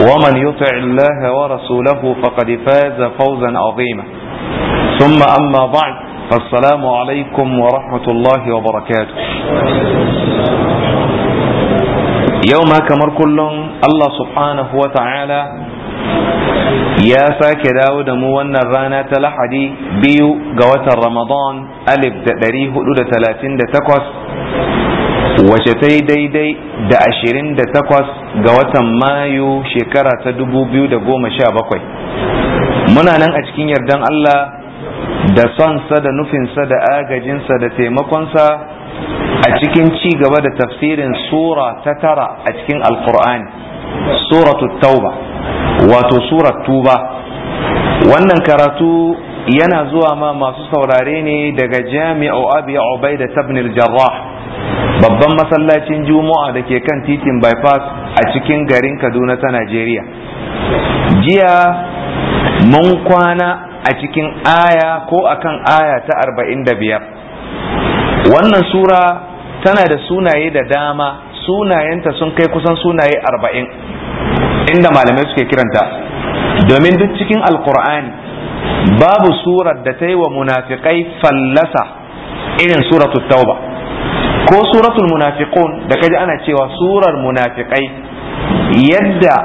ومن يطع الله ورسوله فقد فاز فوزا عظيما ثم أما بعد فالسلام عليكم ورحمة الله وبركاته يوم كمر كل الله سبحانه وتعالى ya sake dawo da mu wannan rana ta lahadi biyu ga watan ramadan alif da ɗari hudu da talatin da takwas wace ta yi daidai da ashirin da takwas ga watan mayu shekara ta dubu biyu da goma sha bakwai? muna nan a cikin yardan Allah da sonsa da nufinsa da agajinsa da taimakonsa a cikin ci gaba da tafsirin sura ta tara a cikin alkur'ani suratu tauba wato surat tuba wannan karatu yana zuwa ma masu saurare ne daga jami'u abi ubaida tabnil jarrah babban masallacin juma'a da ke kan titin bypass a cikin garin kaduna ta najeriya jiya mun kwana a cikin aya ko a kan aya ta arba'in da biyar wannan sura tana da sunaye da dama sunayenta sun kai kusan sunaye arba'in inda malamai suke kiranta domin duk cikin alkur'ani babu surar da ta yi wa munafikai fallasa irin suratu tauba ko suratul munafiqun da kaji ana cewa surar munafiqai yadda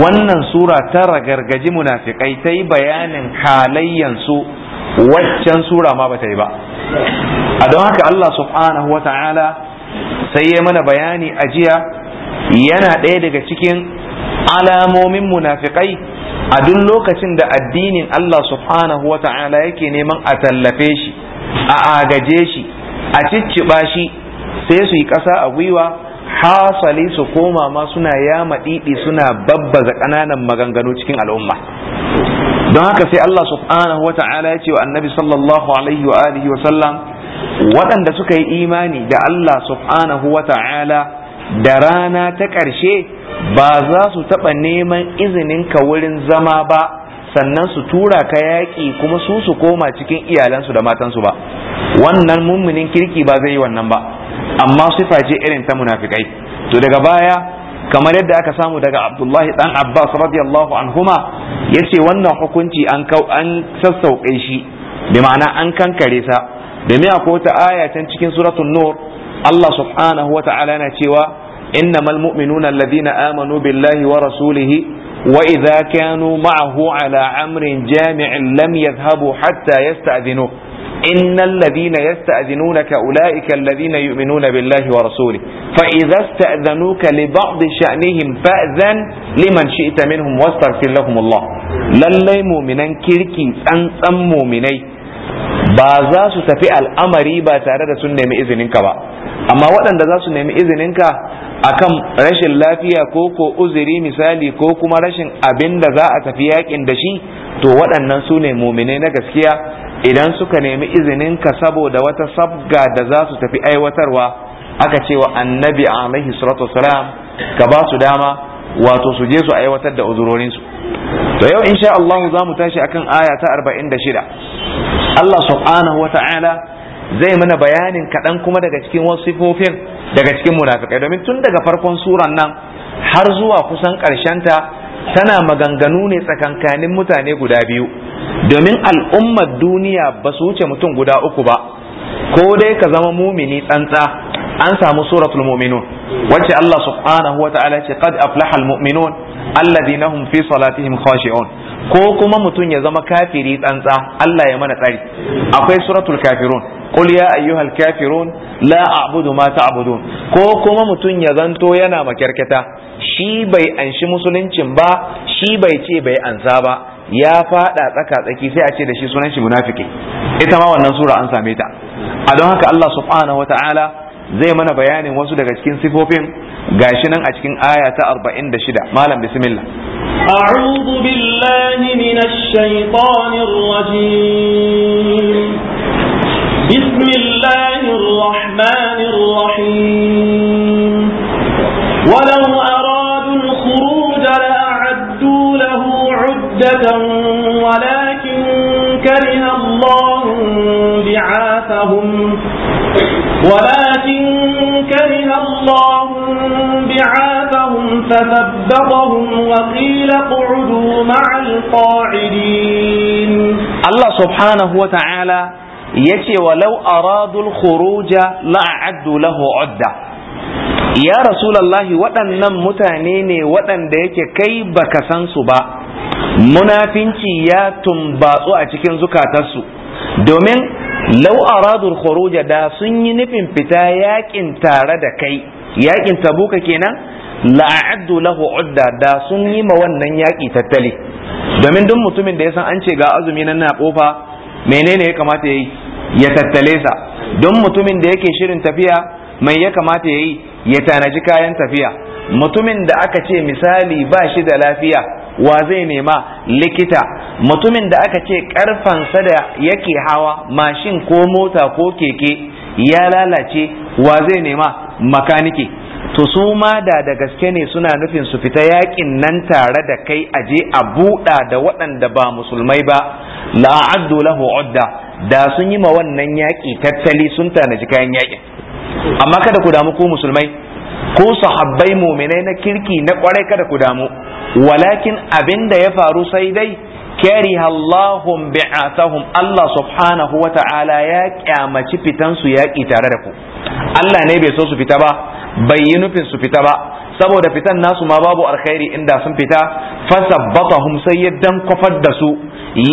wannan sura ta ragargaji munafiqai ta yi bayanin halayyansu waccan sura ma ba ta yi ba a don haka Allah subhanahu wa ta'ala sai ya mana bayani ajiya yana ɗaya daga cikin alamomin munafiqai a duk lokacin da addinin Allah subhanahu wa ta'ala yake neman a tallafe shi a agaje shi a cicciɓa shi sai su yi ƙasa a gwiwa hasali su koma ma suna yama ɗiɗi suna babbaza ƙananan maganganu cikin al'umma don haka sai Allah subhanahu wa ta'ala ya ce wa annabi sallallahu alaihi wa alihi wa sallam waɗanda suka yi imani da Allah subhanahu wa ta'ala da rana ta ƙarshe ba za su taɓa neman izininka wurin zama ba sannan su tura ka yaƙi kuma su su koma cikin iyalansu da matansu ba wannan mummunin kirki ba zai yi wannan ba amma sifa ce irin ta munafikai to daga baya kamar yadda aka samu daga abdullahi dan abbas radiyallahu anhuma yace wannan hukunci an sassauƙe shi bi ma'ana an kankare sa Da miya akwai wata aya can cikin suratul nur Allah subhanahu wa ta'ala yana cewa innamal mu'minuna alladhina amanu billahi wa rasulihi وإذا كانوا معه على أمر جامع لم يذهبوا حتى يستأذنوه إن الذين يستأذنونك أولئك الذين يؤمنون بالله ورسوله فإذا استأذنوك لبعض شأنهم فأذن لمن شئت منهم واستغفر لهم الله للي مؤمنا كركي أنسم مؤمني ba za su tafi al'amari ba tare da sun nemi izininka ba amma waɗanda za su nemi izininka akan rashin lafiya ko ko uzuri misali ko kuma rashin abin da za a tafi yakin da shi to waɗannan su ne mumine na gaskiya idan suka nemi izininka saboda wata sabga da za su tafi aiwatarwa aka ce wa annabi alaihi salatu wasalam ka ba su dama wato su je su aiwatar da uzurorinsu to yau insha Allah za mu tashi akan aya ta 46 Allah subhanahu wa ta'ala zai mana bayanin kaɗan kuma daga cikin wasu sifofin daga cikin munafikai domin tun daga farkon suran nan har zuwa kusan ta tana maganganu ne tsakankanin mutane guda biyu domin al'ummar duniya ba su wuce mutum guda uku ba ko dai ka zama mumini tsantsa an samu suratul mu'minun wacce Allah subhanahu wa ta'ala ce qad aflaha al-mu'minun alladhina hum fi salatihim khashi'un ko kuma mutum ya zama kafiri tsantsa Allah ya mana tsari akwai suratul kafirun qul ya ayyuhal kafirun la a'budu ma ta'budun ko kuma mutum ya zanto yana makyarkata shi bai anshi musuluncin ba shi bai ce bai ansa ba ya fada tsaka tsaki sai a ce da shi sunan shi munafiki ita ma wannan sura an same ta a don haka Allah subhanahu wataala zai mana bayanin wasu daga cikin sifofin gashi nan a cikin aya ta 46 malam bismillah أعوذ بالله من الشيطان الرجيم بسم الله الرحمن الرحيم ولو أرادوا الخروج لأعدوا له عدة ولكن كره الله بعاثهم ولا فثبطهم وقيل اقعدوا مع القاعدين الله سبحانه وتعالى يتي ولو أرادوا الخروج لأعدوا له عدة ya rasulallahi waɗannan mutane ne waɗanda yake kai baka san su ba munafinci ya tumbatsu a cikin zukatarsu domin lau aradul khuruja da sun yi nufin fita yaƙin tare da kai yaƙin ta tabuka kenan la'addu lahu udda da sun yi ma wannan yaƙi tattali domin duk mutumin da ya san an ce ga azumi nan na kofa menene ya kamata yayi ya tattale sa don mutumin da yake shirin tafiya mai ya kamata yayi ya tanaji kayan tafiya mutumin da aka ce misali ba shi da lafiya wa zai nema likita mutumin da aka ce karfansa da yake hawa mashin ko mota ko keke ya lalace wa zai nema makanike to su ma da da gaske ne suna nufin su fita yakin nan tare da kai aje a buɗa da waɗanda ba musulmai ba la'addu lahu udda da sun yi ma wannan yaƙi tattali sun tanaji kayan yaƙin amma kada ku damu ku musulmai ko sahabbai muminai na kirki na kwarai kada ku damu walakin abin da ya faru sai dai kariha Allahum bi'atahum Allah subhanahu wa ta'ala ya kyamaci fitan su yaƙi tare da ku Allah ne bai so su fita ba bai yi nufin su fita ba saboda fitan nasu ma babu alkhairi inda sun fita fasabbatahum sai ya dankofar da su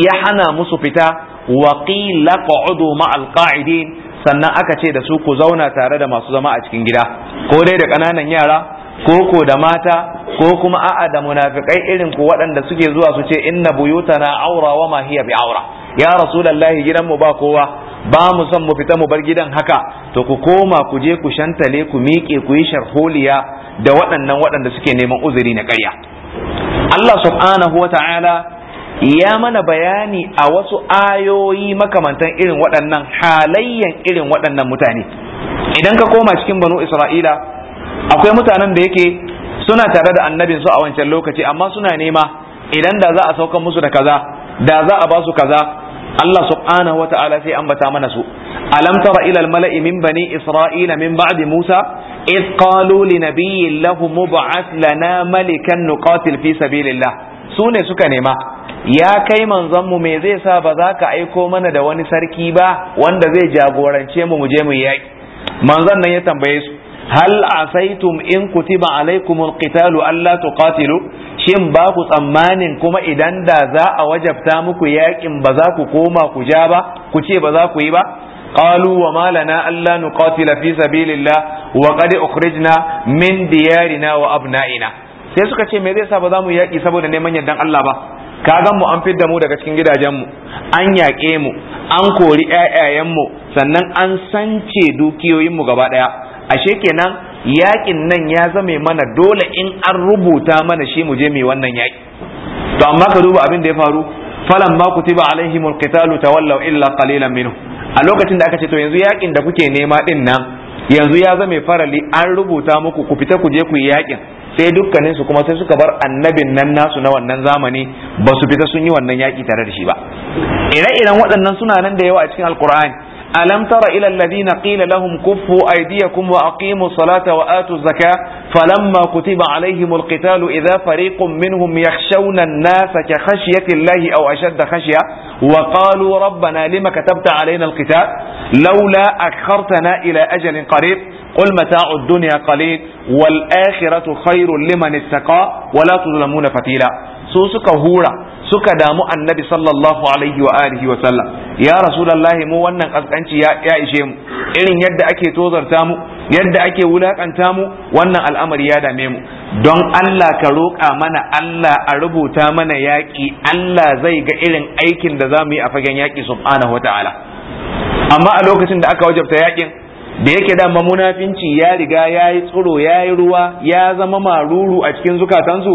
ya hana musu fita wa qila qa'udu ma alqa'idin sannan aka ce da su ku zauna tare da masu zama a cikin gida ko dai da ƙananan yara ko ko da mata ko kuma a'a da munafikai irin ku waɗanda suke zuwa su ce inna buyutana aura wa ma hiya bi aura ya rasulullahi gidan mu ba kowa ba mu son mu fita mu bar gidan haka to ku koma ku je ku shantale ku miƙe ku yi sharholiya da waɗannan waɗanda suke neman uzuri na ƙarya Allah subhanahu wa ta'ala ya mana bayani a wasu ayoyi makamantan irin waɗannan halayyan irin waɗannan mutane idan ka koma cikin banu isra'ila akwai mutanen da yake suna tare da annabin su a wancan lokaci amma suna nema idan da za a saukan musu da kaza da za a ba su kaza Allah subhanahu wa ta'ala sai ambata mana su alam tara ila al mala'i min bani isra'ila min ba'di musa id qalu li nabiyyin lahum mub'ath lana malikan nuqatil fi sabilillah su ne suka nema ya kai manzon mu me zai sa ba za ka aiko mana da wani sarki ba wanda zai jagorance mu mu je mu yaki manzon nan ya tambaye su hal asaitum in kutiba alaikumul qitalu alla tuqatilu shin ba ku tsammanin kuma idan da za a wajabta muku yakin ba za ku koma ku ja ba ku ce ba za ku yi ba قالوا وما لنا ألا نقاتل في سبيل الله وقد أخرجنا من ديارنا وأبنائنا sai suka ce me zai sa ba za mu yaki saboda neman yardan Allah ba ka ga mu an fidda mu daga cikin gidajenmu an yaƙe mu an kori mu sannan an sance dukiyoyinmu gaba ɗaya ashe kenan yakin nan ya zame mana dole in an rubuta mana shi mu je mai wannan yaki to amma ka duba abin da ya faru falan ma kutiba alaihim alqitalu tawallaw illa qalilan minhu a lokacin da aka ce to yanzu yakin da kuke nema din nan yanzu ya zame farali an rubuta muku ku fita ku je ku yi yakin sai dukkanin su kuma sai suka bar annabin nan nasu na wannan zamani ba su fita sun yi wannan yaki tare da shi ba ire-iren waɗannan suna nan da yawa a cikin alkur'ani ألم تر إلى الذين قيل لهم كفوا أيديكم وأقيموا الصلاة وآتوا الزكاة فلما كتب عليهم القتال إذا فريق منهم يخشون الناس كخشية الله أو أشد خشية وقالوا ربنا لما كتبت علينا القتال لولا أكخرتنا إلى أجل قريب قل متاع الدنيا قليل والآخرة خير لمن اتقى ولا تظلمون فتيلا سوسك هورا suka damu annabi sallallahu alaihi wa alihi wa sallam ya rasulullahi mu wannan kaskanci ya ya ishe mu irin yadda ake tozarta mu yadda ake wulakanta mu wannan al'amari ya dame mu don Allah ka roƙa mana Allah a rubuta mana yaƙi Allah zai ga irin aikin da za mu yi a fagen yaƙi subhanahu wa ta'ala amma a lokacin da aka wajabta yaƙin da yake dama munafinci ya riga ya yi tsoro, ya yi ruwa ya zama maruru a cikin zukatansu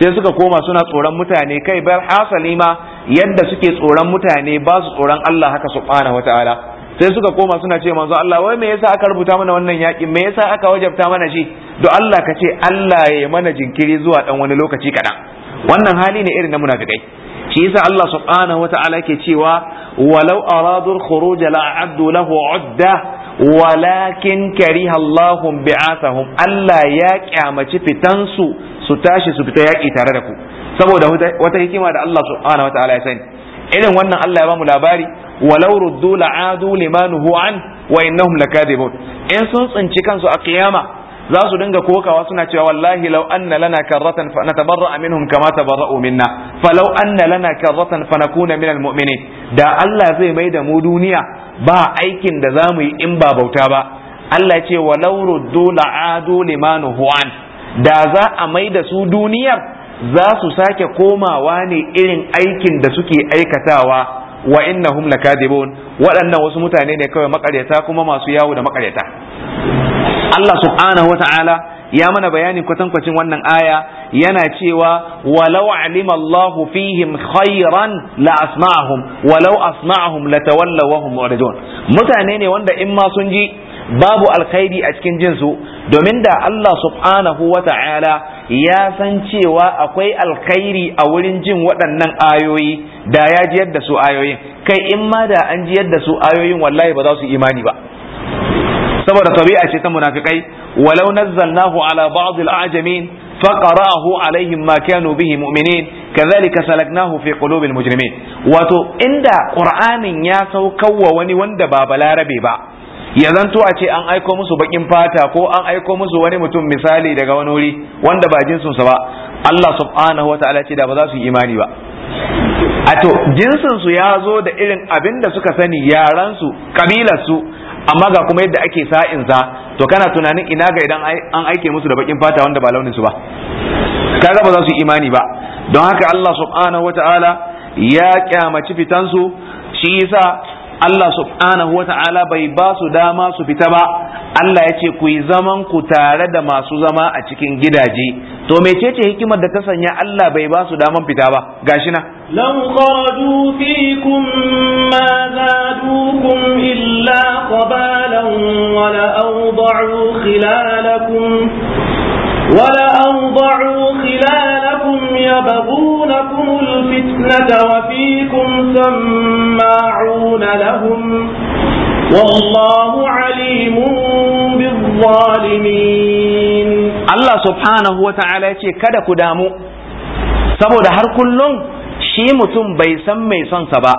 sai suka koma suna tsoron mutane kai bar hasali ma yadda suke tsoron mutane ba su tsoron Allah haka subhanahu wataala sai suka koma suna ce manzo Allah wai me yasa aka rubuta mana wannan yaki me yasa aka wajabta mana shi do Allah ka ce Allah ya mana jinkiri zuwa dan wani lokaci kadan wannan hali ne irin na munafikai shi yasa Allah subhanahu wataala yake cewa walau aradul khuruj la'addu lahu udda walakin kariha Allahum bi'athahum Allah ya ƙyamaci fitansu su tashi su fita yaƙi tare da ku saboda wata hikima da Allah subhanahu wa ta'ala ya sani irin wannan Allah ya bamu labari walau ruddu la'adu limanuhu an wa innahum lakadibun in sun tsinci kansu a kiyama za su dinga kokawa suna cewa wallahi law anna lana karratan fa natabarra minhum kama tabarra'u minna fa anna lana karratan fa nakuna minal mu'minin da Allah zai mai da mu duniya ba aikin da za mu yi in ba bauta ba Allah ce walau ruddu la'adu limanu huwan da za a mai da su duniyar za su sake komawa ne irin aikin da suke aikatawa wa innahum lakadibun waɗannan wasu mutane ne kawai makaryata kuma masu yawo da makaryata Allah subhanahu wa ta'ala ya mana bayani kwatankwacin wannan aya yana cewa walau alima Allah fihim khairan la asma'ahum walau asma'ahum la wa hum mu'ridun mutane ne wanda in ma sun ji babu alkhairi a cikin jinsu domin da Allah subhanahu wa ta'ala ya san cewa akwai alkhairi a wurin jin waɗannan ayoyi da ya ji yadda su ayoyin kai in ma da an ji yadda su ayoyin wallahi ba za su imani ba saboda tabi'a ce ta munafikai walau nazzalnahu ala ba'd al-a'jamin فقرأه alaihim ma kanu bihi mu'minin kadhalika salaknahu fi qulubi al-mujrimin wato inda qur'anin ya saukawa wani wanda ba balarabe ba ya zanto a ce an aiko musu bakin fata ko an aiko musu wani mutum misali daga wani wuri wanda ba jinsinsu ba Allah subhanahu Wata'ala ce da ba za su yi imani ba a to jinsinsu ya zo da irin abin da suka sani su kabilar su amma ga kuma yadda ake sa'in sa, to kana tunanin ina ga idan an aike musu da bakin fata wanda ba launin su ba kaga ba za su imani ba don haka Allah subhanahu wata'ala ya kyamaci fitansu shi yasa Allah subhanahu wata'ala bai ba su dama su fita ba Allah ya ce ku yi zaman ku tare da masu zama a cikin gidaje to mecece hikimar da ta sanya Allah bai ba su daman fita ba gashi na lam qadu fikum ma zadukum illa qabalan wa la awda'u khilalakum ولا khilalakum yabghunakum alfitnata wa وفيكم سماعون lahum wallahu alimun الظالمين الله سبحانه وتعالى يقول كذا كدامو saboda har kullum shi mutum bai san mai sonsa ba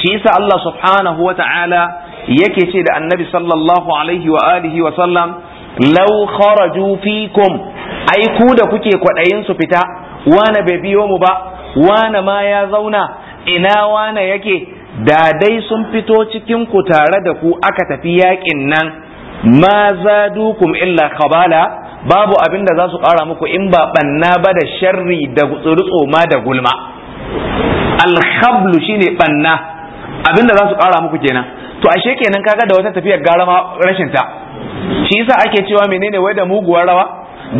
shi yasa Allah subhanahu wa ta'ala yake ce da annabi sallallahu alaihi wa alihi wa sallam law kharaju fikum ai ku da kuke kwaɗayin su fita wana bai biyo mu ba wana ma ya zauna ina wana yake da dai sun fito cikin ku tare da ku aka tafi yakin nan ma zadukum illa khabala babu abin da za su ƙara muku in ba banna ba da sharri da ma da gulma alhablu shine banna abin da za su ƙara muku kenan to ashe kenan kaga da wata tafiyar gara ma rashin ta shi yasa ake cewa menene wai da muguwar rawa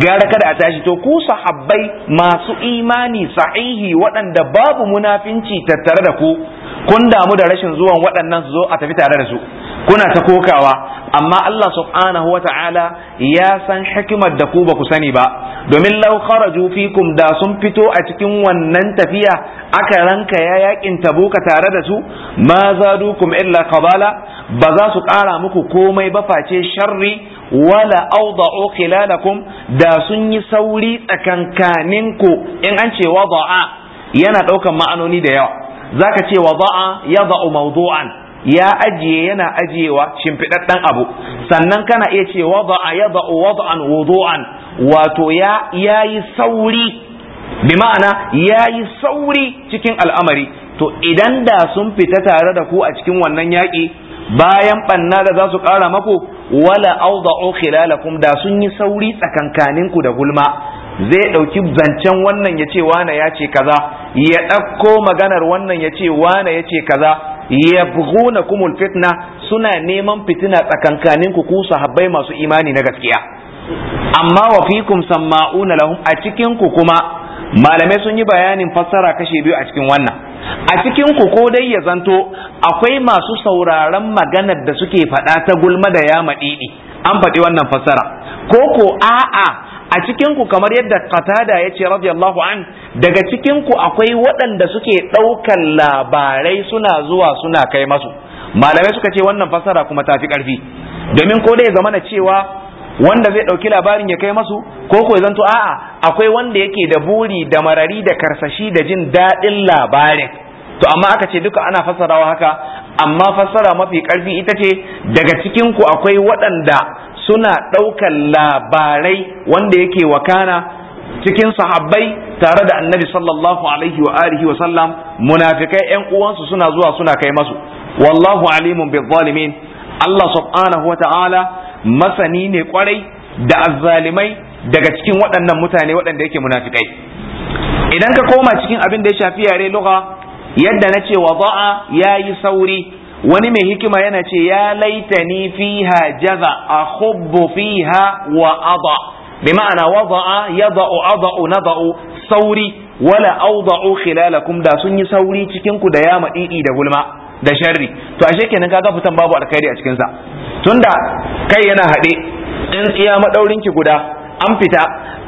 gara kada a tashi to ku sahabbai masu imani sahihi waɗanda babu munafinci tattare da ku kun damu da rashin zuwan waɗannan su zo a tafi tare da su kuna ta kokawa amma Allah subhanahu wa ta'ala ya san hikimar da ku ba ku sani ba domin law kharaju fikum da sun fito a cikin wannan tafiya aka ranka ya yakin tabuka tare da su ma zadukum illa qabala ba za su ƙara muku komai ba face sharri wala awda'u khilalakum da sun yi sauri tsakankaninku in an ce wada'a yana ɗaukan ma'anoni da yawa zaka ce ya za'u mawdu'an ya ajiye yana ajiyewa shimfiɗaɗɗen abu sannan kana iya ce wada'a yada'u wada'an wudu'an wato ya yayi sauri bi ma'ana yayi sauri cikin al'amari to idan da sun fita tare da ku a cikin wannan yaƙi bayan ɓanna da za su ƙara maku wala auda'u khilalakum da sun yi sauri tsakankaninku da gulma zai ɗauki zancen wannan ya ce wane ya ce kaza ya ɗauko maganar wannan ya ce wane ya ce kaza ya buhuna kumul fitna suna neman fitina tsakankanin ku ku sahabbai masu imani na gaskiya amma wa fikum samma'una lahum a cikin ku kuma malamai sun yi bayanin fassara kashe biyu a cikin wannan a cikin ku ko dai ya zanto akwai masu sauraron maganar da suke faɗa ta gulma da yama ɗiɗi an faɗi wannan fassara ko ko a'a a cikinku kamar yadda qatada ce radiyallahu an daga cikin ku akwai waɗanda suke ɗaukan labarai suna zuwa suna kai masu malamai suka ce wannan fasara kuma ta fi ƙarfi domin ko dai zamana cewa wanda zai ɗauki labarin ya kai masu ko ko zanto a'a akwai wanda yake da buri da marari da karsashi da jin daɗin labarin to amma aka ce duka ana fassarawa haka amma fassara mafi ƙarfi ita ce daga cikinku akwai waɗanda suna ɗaukan labarai wanda yake wakana cikin sahabbai tare da annabi sallallahu alaihi wa alihi wa sallam munafikai yan uwansu suna zuwa suna kai masu wallahu alimun bil zalimin Allah subhanahu wa ta'ala masani ne kwarai da azzalimai daga cikin waɗannan mutane waɗanda yake munafikai idan ka koma cikin abin da ya shafi yare lugha yadda na ce wada'a yayi sauri wani mai hikima yana ce ya laita laitani fiha jaza a fi fiha wa aba bi ma'ana wada'a yada'u ada'u nada'u sauri wala awda'u khilalakum da sun yi sauri cikin ku da ya madidi da gulma da sharri to ashe kenan kaga fitan babu alkhairi a cikin sa tunda kai yana haɗe, in tsiya madaurin ki guda an fita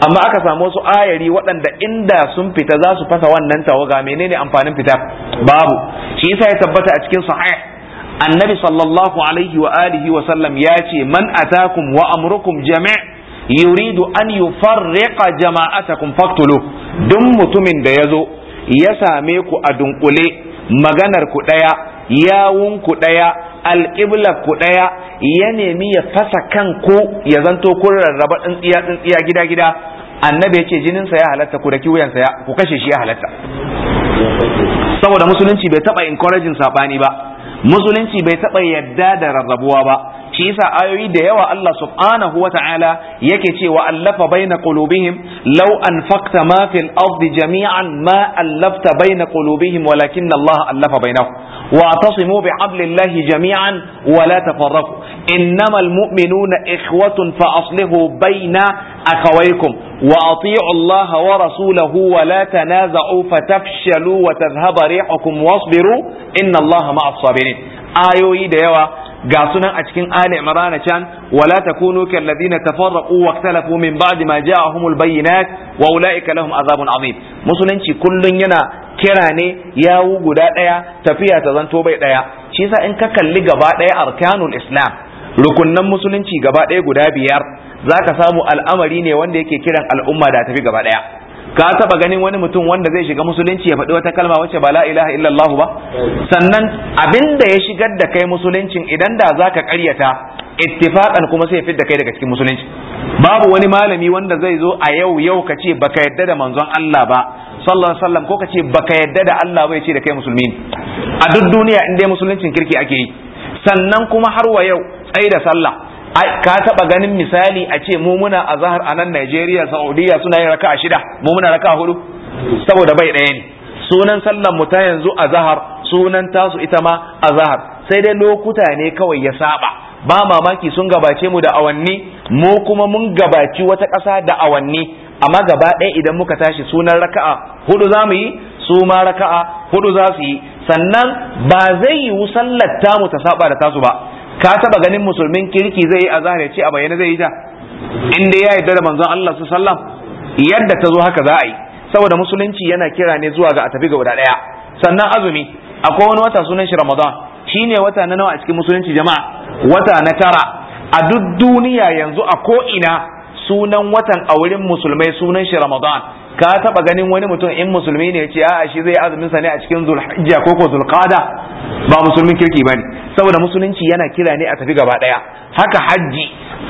amma aka samu wasu ayari waɗanda inda sun fita za su fasa wannan tawaga menene amfanin fita babu shi yasa ya tabbata a cikin sahih annabi sallallahu alaihi wa alihi wa sallam ya ce man atakum wa amrukum jami' yuridu an yufarriqa jama'atakum faqtulu duk mutumin da yazo ya same ku a dunkule maganar ku daya yawun ku daya alqibla ku daya ya nemi ya fasa kanku ya zanto kun rarraba tsintsiya tsintsiya gida gida annabi yace jinin sa ya halatta ku da kiwayansa ya ku kashe shi ya halatta saboda musulunci bai taba encouraging sabani ba musulunci bai taɓa yadda da rarrabuwa ba shi yasa ayoyi da yawa Allah subhanahu wa ta'ala yake wa allafa baina qulubihim law anfaqta ma fil ardi jami'an ma allafta baina qulubihim walakin Allah allafa bainahum واعتصموا بعدل الله جميعا ولا تفرقوا إنما المؤمنون إخوة فأصلحوا بين أخويكم وأطيعوا الله ورسوله ولا تنازعوا فتفشلوا وتذهب ريحكم واصبروا إن الله مع الصابرين ayoyi da yawa ga sunan a cikin Ali Imran can wala takunu kal ladina tafarraqu wa ikhtalafu min ba'di ma ja'ahumul bayyinat wa ulaika lahum azabun azim musulunci kullun yana kira ne yawu guda daya tafiya ta zanto bai daya shi yasa in ka kalli gaba daya arkanul islam rukunnan musulunci gaba daya guda biyar zaka samu al'amari ne wanda yake kiran al'umma da tafi gaba daya ka taba ganin wani mutum wanda zai shiga musulunci ya faɗi wata kalma wacce ba la ilaha illallah ba sannan abin da ya shigar da kai musuluncin idan da za zaka ƙaryata ittifaqan kuma sai ya fidda kai daga cikin musulunci babu wani malami wanda zai zo a yau yau ka ce baka yadda da manzon Allah ba sallallahu alaihi wasallam ko ka ce baka yadda da Allah ba ya ce da kai musulmi a duk duniya in dai musuluncin kirki ake yi sannan kuma har wa yau tsaye da sallah ka taba ganin misali a ce mu muna zahar a nan Najeriya Saudiya suna yin raka'a shida mu muna raka'a hudu saboda bai ɗaya ne sunan sallan mu ta yanzu zahar sunan tasu ita ma zahar sai dai lokuta ne kawai ya saba ba mamaki sun gabace mu da awanni mu kuma mun gabaci wata ƙasa da awanni amma gaba ɗaya idan muka tashi sunan raka'a hudu za mu yi su ma raka'a hudu za su yi sannan ba zai yiwu sallar tamu ta saba da tasu ba ka taba ganin musulmin kirki zai yi azahar ya ce a bayyana zai yi ta in dai ya yarda da manzon Allah su sallam yadda ta zo haka za a yi saboda musulunci yana kira ne zuwa ga a tafi ga guda daya sannan azumi akwai wani wata sunan shi ramadan ne wata na nawa a cikin musulunci jama'a wata na tara a duk duniya yanzu a ko ina sunan watan a wurin musulmai sunan shi Ramadan ka taba ganin wani mutum in musulmi ne ya ce a'a shi zai azumin sa ne a cikin zulhijja ko ko zulqada ba musulmin kirki bane saboda musulunci yana kira ne a tafi gaba daya haka hajji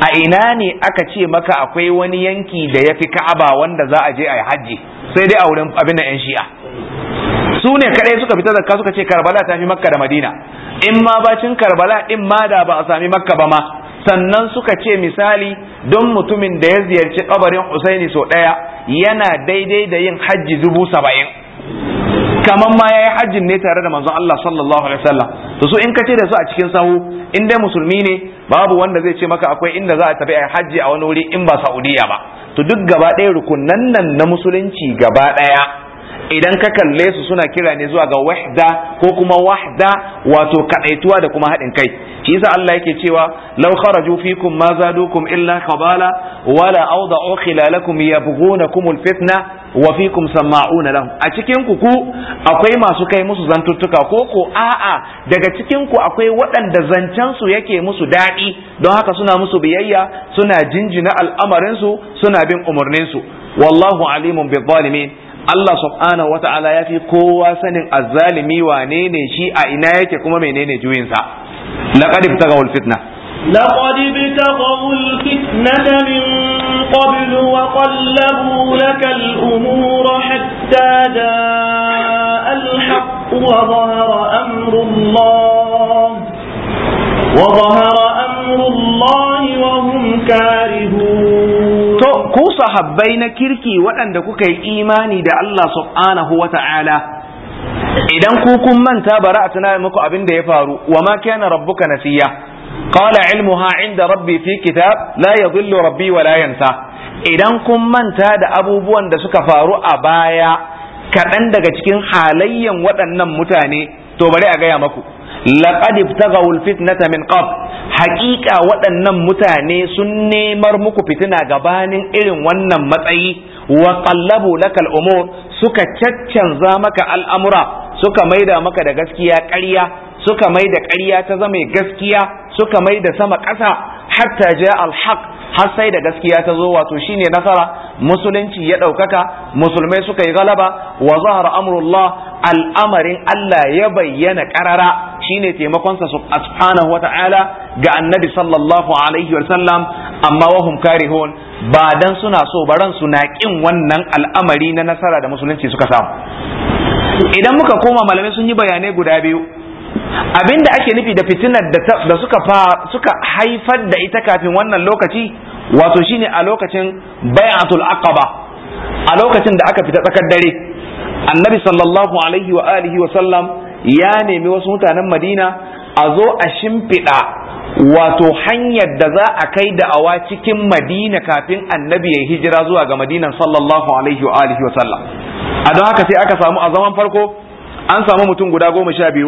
a ina ne aka ce maka akwai wani yanki da ya fi ka'aba wanda za a je a yi hajji sai dai a wurin abin da yan shi'a su ne kadai suka fita zakka suka ce karbala ta fi makka da madina in ma bacin karbala din ma da ba a sami makka ba ma sannan suka ce misali don mutumin da ya ziyarci kabarin Husaini sau ɗaya yana daidai da yin hajji dubu saba'in kamar ma ya yi hajjin ne tare da manzon Allah sallallahu alaihi wasallam to su in ka ce da su a cikin sahu in dai musulmi ne babu wanda zai ce maka akwai inda za a tafi a hajji a wani wuri in ba Saudiya ba to duk gaba ɗaya rukunan nan na musulunci gaba ɗaya idan ka kalle su suna kira ne zuwa ga wahda ko kuma wahda wato kadaituwa da kuma haɗin kai shi yasa Allah yake cewa law kharaju fikum ma zadukum illa khabala wala awda'u khilalakum yabghunakum alfitna wa fikum sama'una lahum a cikin ku ku akwai masu kai musu zantuttuka ko ko a'a daga cikin ku akwai waɗanda zancen su yake musu daɗi don haka suna musu biyayya suna jinjina al'amarin su suna bin umarnin su wallahu alimun bi zalimin Allah subhanahu wa ta'ala ya fi kowa sanin azzalimi wane ne shi a ina yake kuma menene juyinsa laqad ibtaghaw fitna laqad ibtaghaw al-fitnata min qabl wa qallabu laka al-umura hatta jaa al-haqq wa dhahara amru Allah wa sahabbai na kirki waɗanda kuka yi imani da Allah subhanahu wa ta'ala idan ku kun manta bara a tana muku abin da ya faru wa ma kana rabbuka nasiya qala ilmuha inda rabbi fi kitab la yadhillu rabbi wa la yansa idan kun manta da abubuwan da suka faru a baya kaɗan daga cikin halayyan waɗannan mutane to bari a gaya maku laqad ibtaghaw alfitnata min qab haqiqa waɗannan mutane sun nemar muku fitina gabanin irin wannan matsayi wa qallabu lakal umur suka caccanza maka al'amura suka maida maka da gaskiya ƙarya suka maida ƙarya ta zama gaskiya suka maida sama ƙasa hatta ja alhaq har sai da gaskiya ta zo wato shine nasara musulunci ya ɗaukaka musulmai suka yi galaba wa zahara amrullah al'amarin Allah ya bayyana karara shine taimakonsa subhanahu wa ta'ala ga annabi sallallahu alaihi wa sallam amma wahum karihun ba dan suna so baran suna kin wannan al'amari na nasara da musulunci suka samu idan muka koma malamai sun yi bayanai guda biyu abinda ake nufi da fitinar da suka haifar da ita kafin wannan lokaci wato shine a lokacin bai'atul aqaba a lokacin da aka fita tsakar dare annabi sallallahu alaihi wa alihi wa sallam ya nemi wasu mutanen madina a zo a shimfiɗa wato hanyar da za a kai da'awa cikin madina kafin annabi ya hijira zuwa ga madinan sallallahu alaihi wa alihi wa sallam a don haka sai aka samu a zaman farko an samu mutum guda goma sha biyu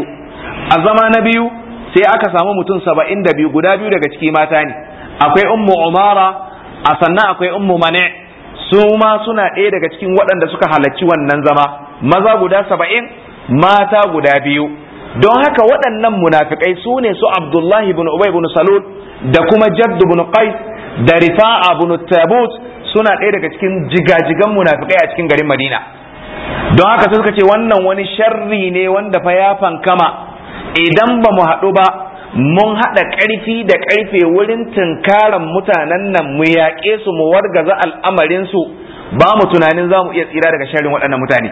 a zama na biyu sai aka samu mutum saba'in da biyu guda biyu daga ciki mata ne akwai ummu umara a sannan akwai ummu mane su ma suna ɗaya daga cikin waɗanda suka halarci wannan zama maza guda saba'in mata guda biyu don haka waɗannan munafikai su ne su abdullahi bin ubay bin salul da kuma jaddu bin qais da rifa'a bin tabut suna ɗaya daga cikin jigajigan munafikai a cikin garin madina don haka suka ce wannan wani sharri ne wanda fa ya fankama idan ba mu haɗu ba mun haɗa ƙarfi da ƙarfe wurin tunkaran mutanen nan mu yaƙe su mu wargaza al'amarinsu ba mu tunanin za mu iya tsira daga sharrin waɗannan mutane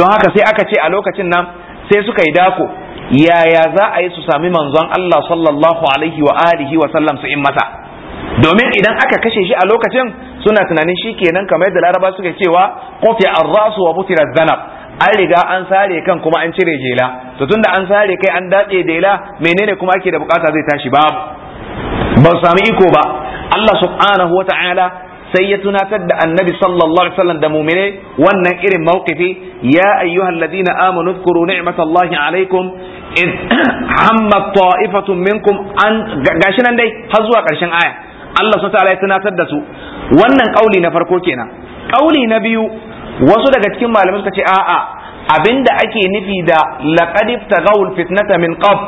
don haka sai aka ce a lokacin nan sai suka yi dako yaya za a yi su sami manzon Allah sallallahu alaihi wa alihi wa sallam su in mata domin idan aka kashe shi a lokacin suna tunanin shi kenan kamar yadda laraba suke cewa ar arrasu wa butira zanab an riga an sare kan kuma an cire jela to tunda an sare kai an datse jela menene kuma ake da bukata zai tashi babu ba sami iko ba Allah subhanahu wa ta'ala sai ya tunatar da annabi sallallahu alaihi wasallam da mumine wannan irin mawqifi ya ayyuhal ladina amanu dhkuru ni'matallahi alaikum in hamma ta'ifatun minkum an gashi nan dai har zuwa karshen aya Allah subhanahu wa ya tunatar da su wannan kauli na farko kenan kauli na biyu wasu daga cikin malamai suka ce a'a abinda ake nufi da laqad tagawul fitnata min qab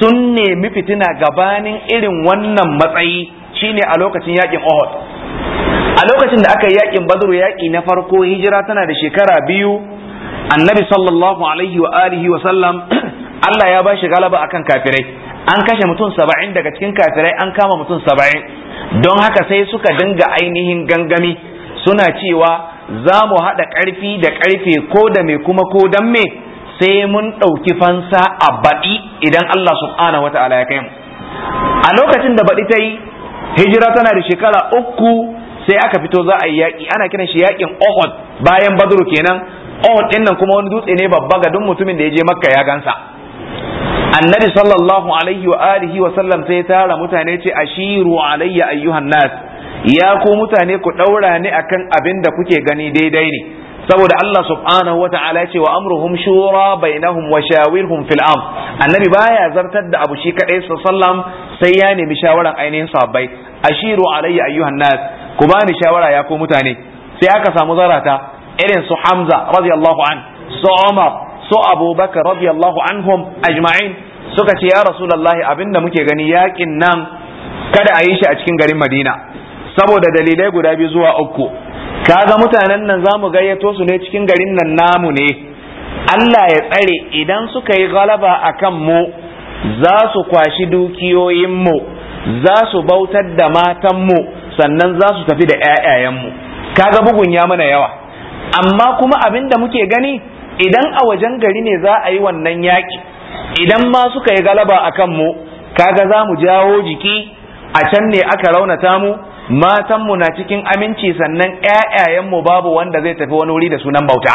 sun nemi fitina gabanin irin wannan matsayi shine a lokacin yakin Uhud a lokacin da aka yi yakin Badr yaki na farko hijira tana da shekara biyu annabi sallallahu alaihi wa alihi wa sallam Allah ya bashi galaba akan kafirai an kashe mutum saba'in daga cikin kafirai an kama mutum saba'in don haka sai suka dinga ainihin gangami suna cewa za mu haɗa ƙarfi da ƙarfe ko da me kuma ko dan me sai mun ɗauki fansa a baɗi idan Allah subhanahu wa ta'ala ya kai mu a lokacin da baɗi ta yi hijira tana da shekara uku sai aka fito za a yi yaƙi ana kiran shi yaƙin Uhud bayan Badru kenan Ohod ɗin nan kuma wani dutse ne babba ga duk mutumin da ya je Makka ya gansa annabi sallallahu alaihi wa alihi wa sallam sai tara mutane ce ashiru alayya ayyuhan nas ya ku mutane ku ɗaura ni akan abin da kuke gani daidai ne saboda Allah subhanahu wa ta'ala ya ce wa amruhum shura bainahum wa shawirhum fil am annabi baya zartar da abu shi kadai sallam sai ya nemi shawaran ainihin sahabbai ashiru alayya ayyuhan nas ku bani shawara ya ku mutane sai aka samu zarata irin su Hamza radiyallahu an su Umar su Abubakar radiyallahu anhum ajma'in suka ce ya rasulullahi abinda muke gani yakin nan kada a yi shi a cikin garin Madina saboda dalilai guda biyu zuwa uku kaga mutanen nan za mu gayyato su ne cikin garin nan namu ne Allah ya tsare idan suka yi galaba akan mu za su kwashi dukiyoyinmu za su bautar da matan mu, sannan za su tafi da mu, kaga bugun ya mana yawa amma kuma abin da muke gani idan a wajen gari ne za a yi wannan yaki, idan ma suka yi galaba akan mu, kaga za mu jawo jiki a can ne aka raunata mu matanmu na cikin aminci sannan ƴaƴayenmu babu wanda zai tafi wani wuri da sunan bauta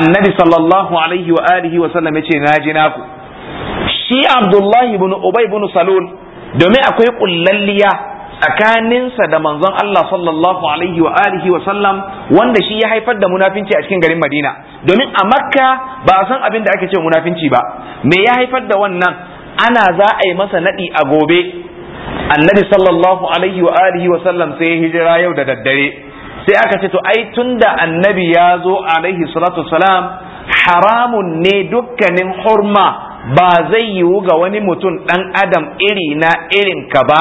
annabi sallallahu alaihi wa alihi wa sallam yace na ji naku shi abdullahi ibn ubay ibn salul domin akwai kullalliya tsakaninsa da manzon Allah sallallahu alaihi wa alihi wa sallam wanda shi ya haifar da munafinci a cikin garin Madina domin a Makka ba a san abin da ake ce munafinci ba me ya haifar da wannan ana za a yi masa nadi a gobe annabi sallallahu alaihi wa alihi wa sallam sai ya hijira yau da daddare sai aka ce to ai tunda annabi ya zo alaihi salatu salam haramun ne dukkanin hurma ba zai yiwu ga wani mutum dan adam iri na irin ka ba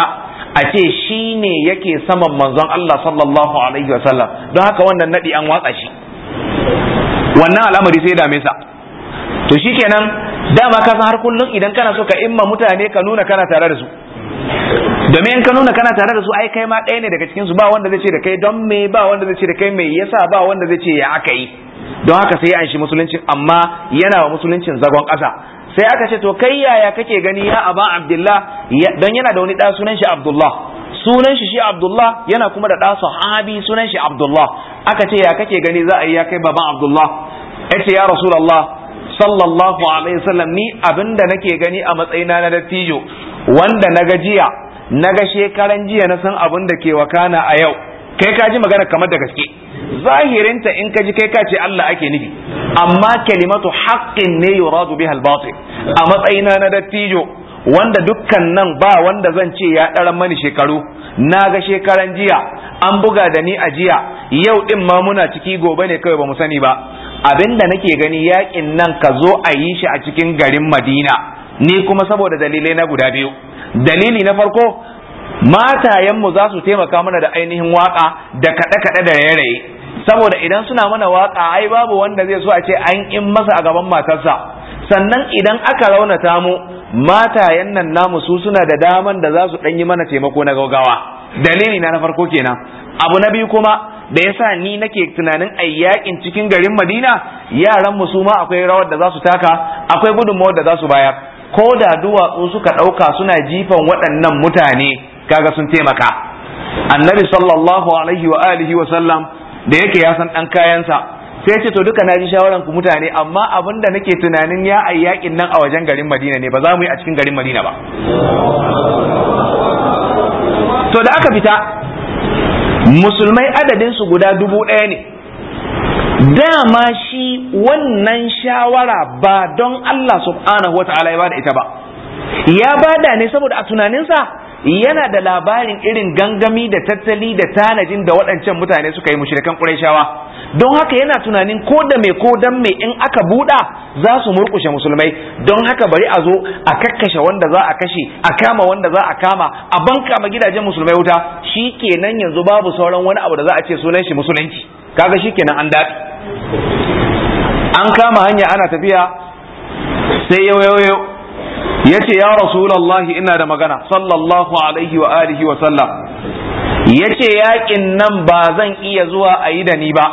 a ce shi ne yake saman manzon Allah sallallahu alaihi wa sallam don haka wannan nadi an watsa shi wannan al'amari sai dame sa to shikenan dama ka san har kullum idan kana so ka imma mutane ka nuna kana tare da su domin in ka nuna kana tare da su ai kai ma ɗaya ne daga cikin su ba wanda zai ce da kai don me ba wanda zai ce da kai me yasa ba wanda zai ce ya aka yi don haka sai an shi musuluncin amma yana wa musuluncin zagon ƙasa sai aka ce to kai yaya kake gani ya aba abdullah don yana da wani ɗa sunan shi abdullah sunan shi shi Abdullah yana kuma da ɗa sahabi sunan shi Abdullah aka ce ya kake gani za a yi ya kai baban Abdullah ya ce ya rasulallah sallallahu alaihi wasallam ni abinda nake gani a matsayina na dattijo wanda na ga jiya na ga shekaran jiya na san abin da ke wakana a yau kai ka ji magana kamar da gaske zahirinta in ka ji kai ka ce Allah ake nufi amma kalimatu haqqin ne yuradu biha al-batil a matsayina na dattijo wanda dukkan nan ba wanda zan ce ya ɗaran mani shekaru na ga shekaran jiya an buga da ni a jiya yau ɗin ma muna ciki gobe ne kawai ba mu sani ba abinda nake gani yakin nan ka zo a yi shi a cikin garin madina ni kuma saboda dalilai na guda biyu dalili na farko matayenmu za su taimaka mana da ainihin waka da kaɗe-kaɗe da raye-raye saboda idan suna mana waka ai babu wanda zai so a ce an in masa a gaban matarsa sannan idan aka raunata mu matayen nan namu su suna da daman da za su ɗan yi mana taimako na gaugawa dalili na na farko kenan abu na biyu kuma da yasa ni nake tunanin ai yakin cikin garin Madina yaran mu su ma akwai rawar da za su taka akwai gudunmawar da za su bayar ko da duwatsu suka ɗauka suna jifan waɗannan mutane kaga sun taimaka annabi sallallahu alaihi wa alihi wa sallam da yake ya san ɗan kayansa sai ce to duka na ji shawaran ku mutane amma abin da nake tunanin ya ai yakin nan a wajen garin madina ne ba za mu yi a cikin garin madina ba to da aka fita musulmai adadinsu guda dubu ɗaya ne dama shi wannan shawara ba don Allah subhanahu wa ta'ala ya bada ita ba ya bada ne saboda a tunaninsa yana da labarin irin gangami da tattali da tanajin da waɗancan mutane suka yi mushirikan ƙurayshawa don haka yana tunanin ko da mai ko dan mai in aka buɗa za su murƙushe musulmai don haka bari a zo a kakkashe wanda za a kashe a kama wanda za a kama a banka ma gidajen musulmai wuta shikenan yanzu babu sauran wani abu da za a ce sunan shi musulunci kaga shikenan an daɗi an kama hanya ana tafiya sai yau yau yau ya ce ya rasulallahi ina da magana sallallahu alaihi wa alihi wa sallam ya ce yaƙin nan ba zan iya zuwa a yi da ni ba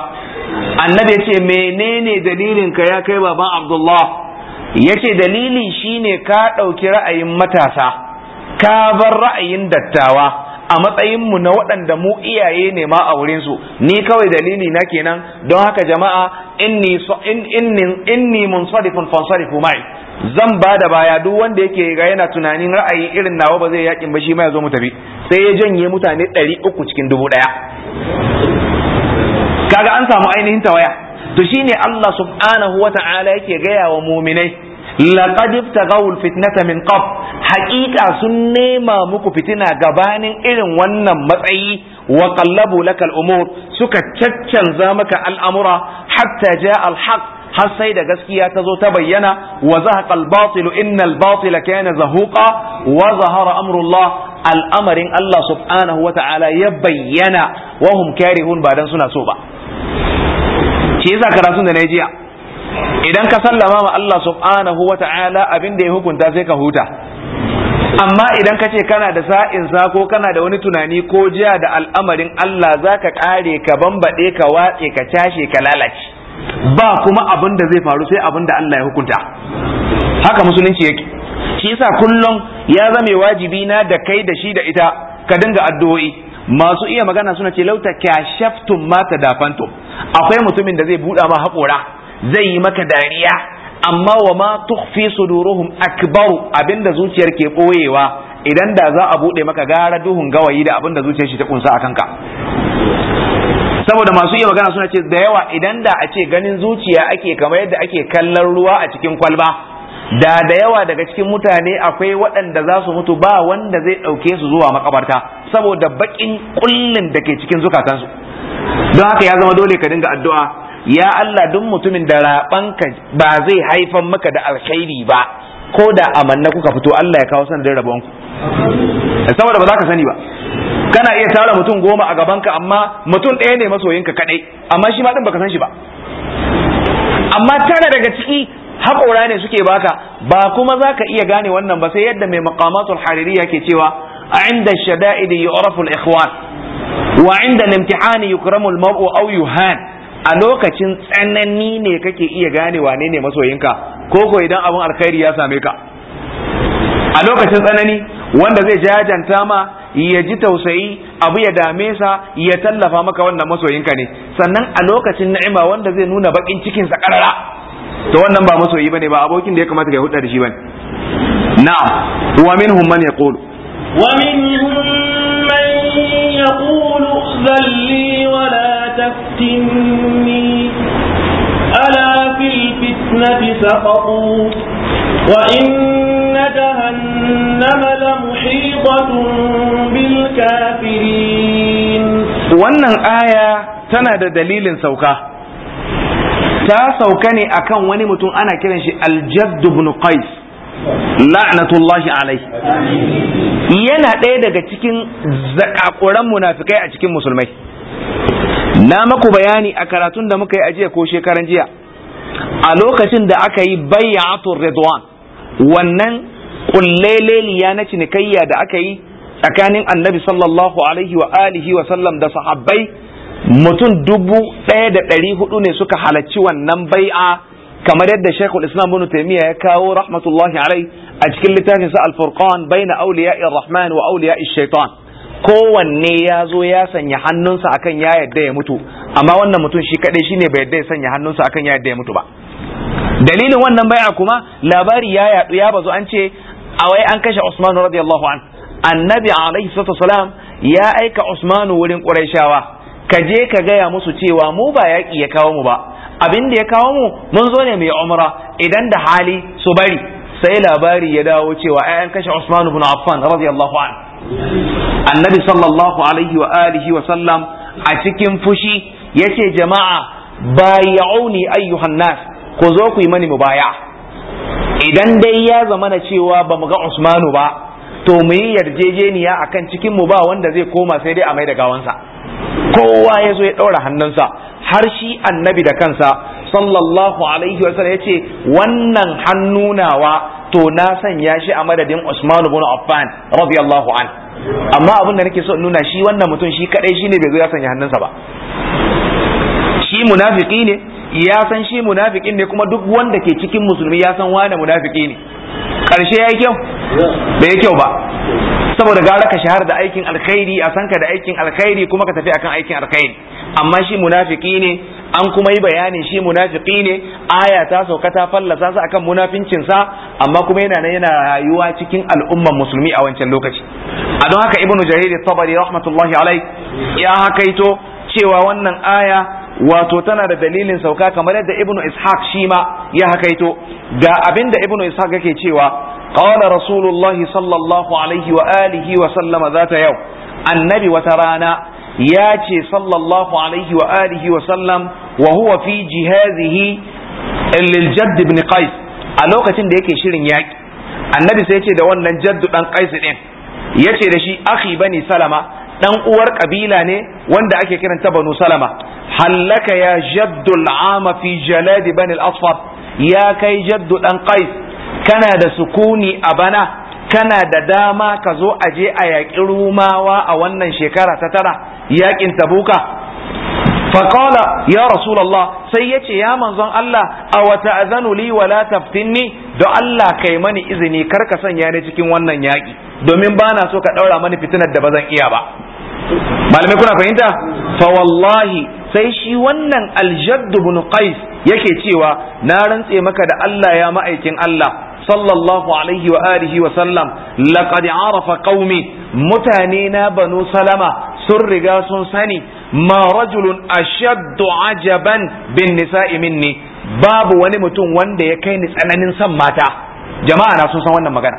annabi ya ce menene dalilinka ya kai baban abdullah ya ce dalili shine ka ɗauki ra'ayin matasa ka bar ra'ayin dattawa a matsayin mu na waɗanda mu iyaye ne ma a wurin su ni kawai dalili na kenan don haka jama'a inni inni inni munsarifun fansarifu mai zan ba da baya duk wanda yake ga yana tunanin ra'ayi irin nawa ba zai yakin ba shi ma ya zo mu tafi sai ya janye mutane ɗari uku cikin dubu ɗaya kaga an samu ainihin tawaya to shine Allah subhanahu wata'ala yake gaya wa muminai laqad ibtaghaw fitnata min qabl haƙiƙa sun nema muku fitina gabanin irin wannan matsayi wa qallabu lakal umur suka caccanza maka al'amura hatta ja al har sai da gaskiya ta zo ta bayyana wa zahaqa al-batil inna al-batila kana zahuqa wa zahara amrullah al'amarin Allah subhanahu wa ta'ala ya bayyana wa hum karihun ba dan suna so ba shi yasa karatun da na jiya idan ka sallama ma Allah subhanahu wa ta'ala abin da ya hukunta sai ka huta amma idan ka ce kana da sa'in sa ko kana da wani tunani ko jiya da al'amarin Allah za ka ƙare ka bambaɗe ka watse ka cashe ka lalace ba kuma abin da zai faru sai abin da Allah ya hukunta haka musulunci yake shi yasa kullum ya zame wajibi na da kai da shi da ita ka dinga addu'o'i masu iya magana suna ce lauta mata ma tadafantum akwai mutumin da zai buɗa ma haƙora zai yi maka dariya amma wa ma tukhfi suduruhum akbaru abinda zuciyar ke boyewa idan da za a bude maka gara duhun gawayi da abinda zuciyar shi ta kunsa akan ka saboda masu iya magana suna ce da yawa idan da a ce ganin zuciya ake kamar yadda ake kallon ruwa a cikin kwalba da da yawa daga cikin mutane akwai waɗanda za su mutu ba wanda zai ɗauke su zuwa makabarta saboda baƙin ƙullin da ke cikin zukatansu don haka ya zama dole ka dinga addu'a ya Allah duk mutumin da rabanka ba zai haifan maka da alkhairi ba ko da amanna kuka fito Allah ya kawo sanadin rabonku saboda ba za ka sani ba kana iya tara mutum goma a gabanka amma mutum ɗaya ne masoyinka kadai amma shi ma din baka san shi ba amma tara daga ciki haƙora ne suke baka ba kuma za ka iya gane wannan ba sai yadda mai maqamatul hariri yake cewa عند الشدائد يعرف الإخوان وعند الامتحان yukramul المرء أو يهان a lokacin tsanani ne kake iya gane wane ne masoyinka ko ko idan abin alkhairi ya same ka a lokacin tsanani wanda zai jajanta ma ya ji tausayi abu ya dame sa ya tallafa maka wannan masoyinka ne sannan a lokacin na'ima wanda zai nuna bakin cikin sa karara to wannan ba masoyi bane ba abokin da ya kamata ka hudda da shi bane na'am wa minhum man yaqulu wa minhum man يقول ائذن لي ولا تفتني ألا في الفتنة سقطوا وإن جهنم لمحيطة بالكافرين wannan aya tana da dalilin sauka ta sauka ne akan wani mutum ana kiran shi aljaddu ibn qais la'natullahi alai yana ɗaya daga cikin zakakuran munafikai a cikin musulmai na maku bayani a karatun da muka yi ajiya ko shekaran jiya a lokacin da aka yi bayyatu ridwan wannan kulleleliya na cinikayya da aka yi tsakanin annabi sallallahu alaihi wa alihi wa sallam da sahabbai mutum dubu ɗaya da ɗari hudu ne suka halarci wannan bai'a kamar yadda Sheikhul Islam Ibn Taymiyyah ya kawo rahmatullahi alai a cikin littafin sa Al-Furqan baina awliya'i rahman wa awliya'i shaitan kowanne ya zo ya sanya hannunsa akan ya yadda ya mutu amma wannan mutum shi kadai shine bai yadda ya sanya hannunsa akan ya yadda ya mutu ba dalilin wannan bai'a kuma labari ya yadu ya bazu an ce a wai an kashe Usman radiyallahu an annabi alaihi salatu wasalam ya aika Usman wurin Qurayshawa ka je ka gaya musu cewa mu ba yaki ya kawo mu ba abin da ya kawo mu mun zo ne mai umra idan da hali su bari sai labari ya dawo cewa ai an kashe Usman ibn Affan radiyallahu an annabi sallallahu alaihi wa alihi wa sallam a cikin fushi yace jama'a bayyauni ayyuhan nas ku zo ku yi mani mubaya idan dai ya zamana cewa ba mu ga Usmanu ba to mu yi yarjejeniya akan cikin mu ba wanda zai koma sai dai a mai da gawansa kowa ya zo ya ɗaura hannunsa har shi annabi da kansa sallallahu alaihi wa sallam yace wannan hannunawa to na sanya shi a madadin Usman ibn Affan radiyallahu an amma abin da nake so in nuna shi wannan mutum shi kadai shine bai zo ya sanya hannunsa ba shi munafiki ne ya san shi munafikin ne kuma duk wanda ke cikin musulmi ya san wane munafiki ne karshe yayi kyau bai kyau ba saboda gara ka shahara da aikin alkhairi a sanka da aikin alkhairi kuma ka tafi akan aikin alkhairi amma shi munafiki ne an kuma yi bayanin shi munafiki ne aya ta sauka ta fallasa a akan munafincin sa amma kuma yana nan yana rayuwa cikin al'umman musulmi a wancan lokaci a don haka ibnu jarir tabari rahmatullahi alai ya hakaito cewa wannan aya wato tana da dalilin sauka kamar yadda ibnu ishaq shi ma ya hakaito ga abinda ibnu ishaq yake cewa qala rasulullahi sallallahu alaihi wa alihi wa sallama zata yau annabi wata rana ya ce sallallahu alaihi wa alihi wa sallam wa huwa fi jihazihi lil jadd ibn qais a lokacin da yake shirin yaki annabi sai ya ce da wannan jaddu dan qais din ya ce da shi akhi bani salama dan uwar kabila ne wanda ake kiranta banu salama hallaka ya jaddul ama fi jaladi bani al-asfar ya kai jaddu dan qais kana da sukuni a bana kana da dama ka zo a je a yaƙi rumawa a wannan shekara ta tara yakin tabuka فقال يا رسول الله سيتي يا منزون الله أو تأذن لي ولا تفتني دو الله كيماني إذني كركا سنياني تكين وانا ياكي دو من بانا سوكا دورا ماني فتنة دبزان إيابا malamai kuna fahimta fa wallahi sai shi wannan aljadd ibn qais yake cewa na rantse maka da Allah ya ma'aikin Allah sallallahu alaihi wa alihi wa sallam laqad arafa qaumi mutane na banu salama sun riga sun sani ma rajulun ashaddu ajaban bin nisa'i minni babu wani mutum wanda ya kai ni tsananin san mata jama'a na sun san wannan magana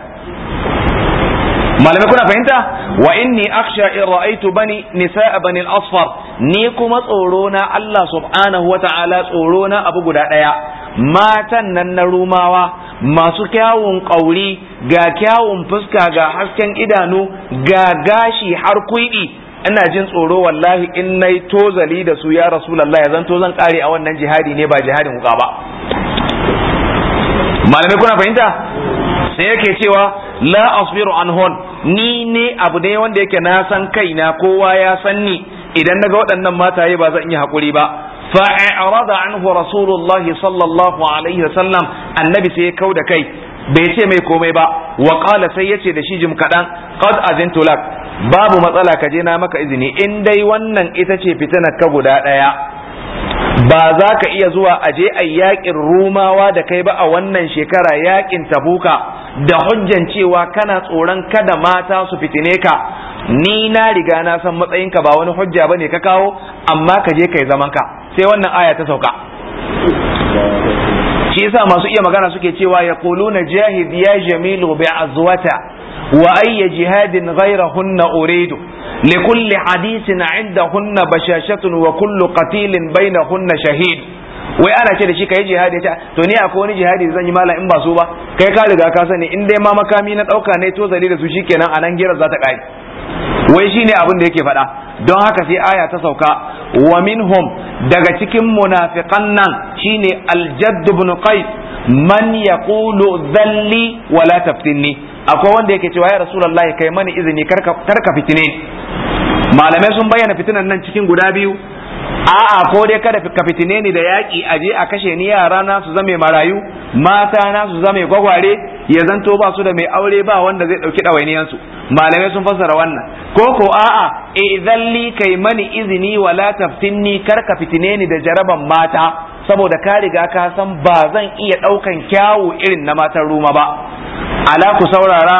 malamai kuna fahimta wa inni akhsha in ra'aytu bani nisa'a bani al-asfar ni kuma tsoro na Allah subhanahu ta'ala tsoro na abu guda daya matan nan na rumawa masu kyawun kauri ga kyawun fuska ga hasken idanu ga gashi har kuidi ina jin tsoro wallahi in nai tozali da su ya rasulullahi zan to zan kare a wannan jihadi ne ba jihadin wuka ba malamai kuna fahimta sai yake cewa la asbiru an hon ni ne abu ne wanda yake na san kaina kowa ya san ni idan naga waɗannan mataye ba zan yi hakuri ba fa'arada anhu rasulullahi sallallahu alaihi wasallam annabi sai ya kau da kai bai ce mai komai ba wa qala sai yace da shi jim kadan qad azintu lak babu matsala ka je na maka izini in dai wannan ita ce fitinar ka guda ɗaya ba za ka iya zuwa a je a yaƙin rumawa da kai ba a wannan shekara yaƙin tabuka da hujjan cewa kana tsoron kada mata su fitine ka ni na riga na san matsayinka ba wani hujja bane ka kawo amma ka je kai zaman ka sai wannan aya ta sauka shi yasa masu iya magana suke cewa yaquluna jahid ya jamilu bi azwata وأي جهاد غيرهن أريد لكل حديث عندهن بشاشة وكل قتيل بينهن شهيد wai ana ce da shi kai jihadi ta to ni akwai wani jihadi zan yi mala in ba su ba kai ka riga ka sani in dai ma makami na dauka ne to zali da su shikenan anan girar za ta kai wai shine abin da yake faɗa don haka sai aya ta sauka wa minhum daga cikin munafiqan nan shine aljadd ibn qais man yaqulu dhalli wala taftinni akwai wanda yake cewa ya Rasulullah kai mani izini karka fitine malamai sun bayyana fitinan nan cikin guda biyu a'a ko dai kada ka fitine ni da yaki a je a kashe ni yara na su zame marayu mata na su zame gwagware ya zanto ba su da mai aure ba wanda zai ɗauki su malamai sun fassara wannan ko ko a'a idan li kai mani izini wala taftinni kar ka fitine ni da jaraban mata saboda ka riga ka san ba zan iya ɗaukan kyawu irin na matan ruma ba ala ku saurara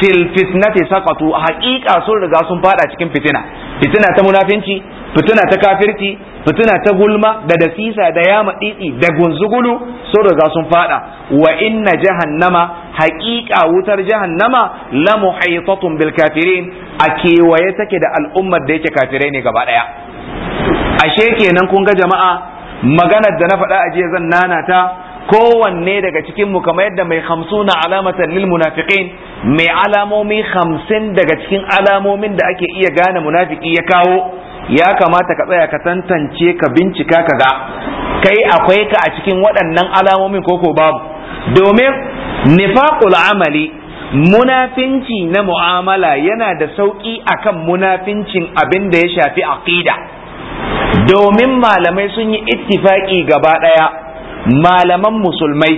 fil fitnati saqatu haqiqa sun riga sun fada cikin fitina fitina ta munafinci fitina ta kafirci fitina ta gulma da dasisa da yama didi da gunzugulu sun riga sun fada wa inna jahannama haqiqa wutar jahannama la muhaytatun bil kafirin a kewaye take da al'ummar da yake kafirai ne gaba daya ashe kenan kun ga jama'a maganar da na faɗa a jiya zan nanata kowanne daga cikinmu mu kamar yadda mai hamsuna alamatan lil munafiqin mai alamomi hamsin daga cikin alamomin da ake iya gane munafiki ya kawo ya kamata ka tsaya ka tantance ka bincika ka ga kai akwai ka a cikin waɗannan alamomin koko babu domin nifaqul amali munafinci na mu'amala yana da sauƙi akan munafincin abin da ya shafi aqida domin malamai sun yi ittifaqi gaba ɗaya malaman musulmai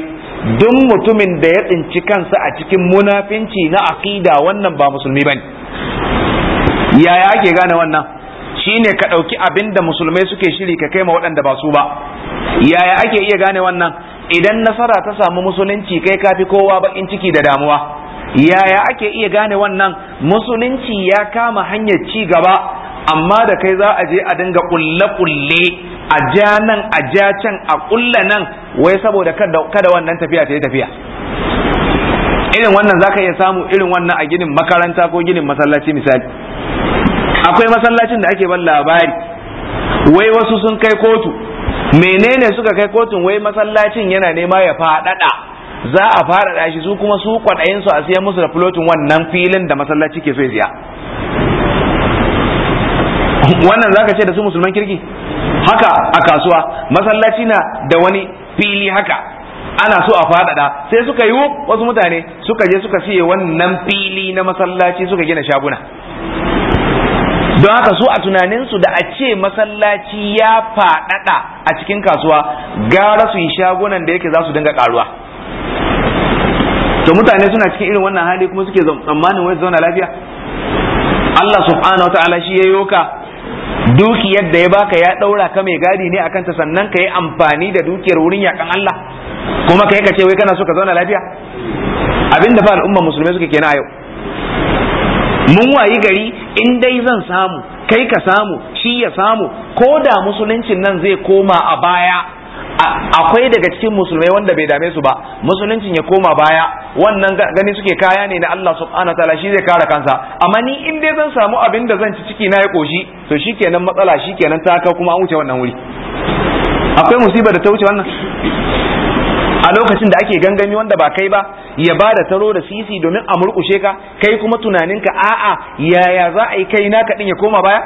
duk mutumin da ya tsinci kansa a cikin munafinci na aqida wannan ba musulmi bane yaya ake gane wannan shine ka ɗauki abinda musulmai suke shiri ka kai ma waɗanda ba su ba yaya ake iya gane wannan idan nasara ta samu musulunci kai kafi kowa bakin ciki da damuwa yaya ake iya gane wannan musulunci ya kama hanyar ci gaba amma da kai za a je a dinga kulle-kulle a ja nan a ja can a kulla nan wai saboda kada wannan tafiya ta yi tafiya irin wannan zaka iya samu irin wannan a ginin makaranta ko ginin masallaci misali akwai masallacin da ake ban labari wai wasu sun kai kotu menene suka kai kotun wai masallacin yana nema ya faɗaɗa za a fara shi su kuma su kwaɗayin su a siya musu da flotin wannan filin da masallaci ke so ya siya wannan zaka ce da su musulman kirki haka a kasuwa masallaci na da wani fili haka ana so a faɗaɗa sai suka yi wasu mutane suka je suka siye wannan fili na masallaci suka gina shaguna don haka su a tunaninsu da a ce masallaci ya faɗaɗa a cikin kasuwa gara su yi shagunan da yake za su dinga karuwa to mutane suna cikin irin wannan hali kuma suke tsammanin wai zauna lafiya Allah subhanahu wa ta'ala shi ya yoka dukiyar da ya baka ya daura ka mai gadi ne akan ta sannan ka yi amfani da dukiyar wurin yakan Allah kuma kai ka ce wai kana so ka zauna lafiya abin da fa al'umma musulmai suke kenan a yau mun wayi gari in dai zan samu kai ka samu shi ya samu ko da musuluncin nan zai koma a baya akwai daga cikin musulmai wanda bai dame su ba musuluncin ya koma baya wannan gani suke kaya ne na Allah subhanahu ta'ala shi zai kare kansa amma ni in dai zan samu abin da zan ci ciki na ya koshi to shikenan matsala shikenan ta ka kuma an wuce wannan wuri akwai musiba da ta wuce wannan a lokacin da ake gangami wanda ba kai ba ya ba da taro da sisi domin a murkushe ka kai kuma tunaninka a'a yaya za a yi kai na din ya koma baya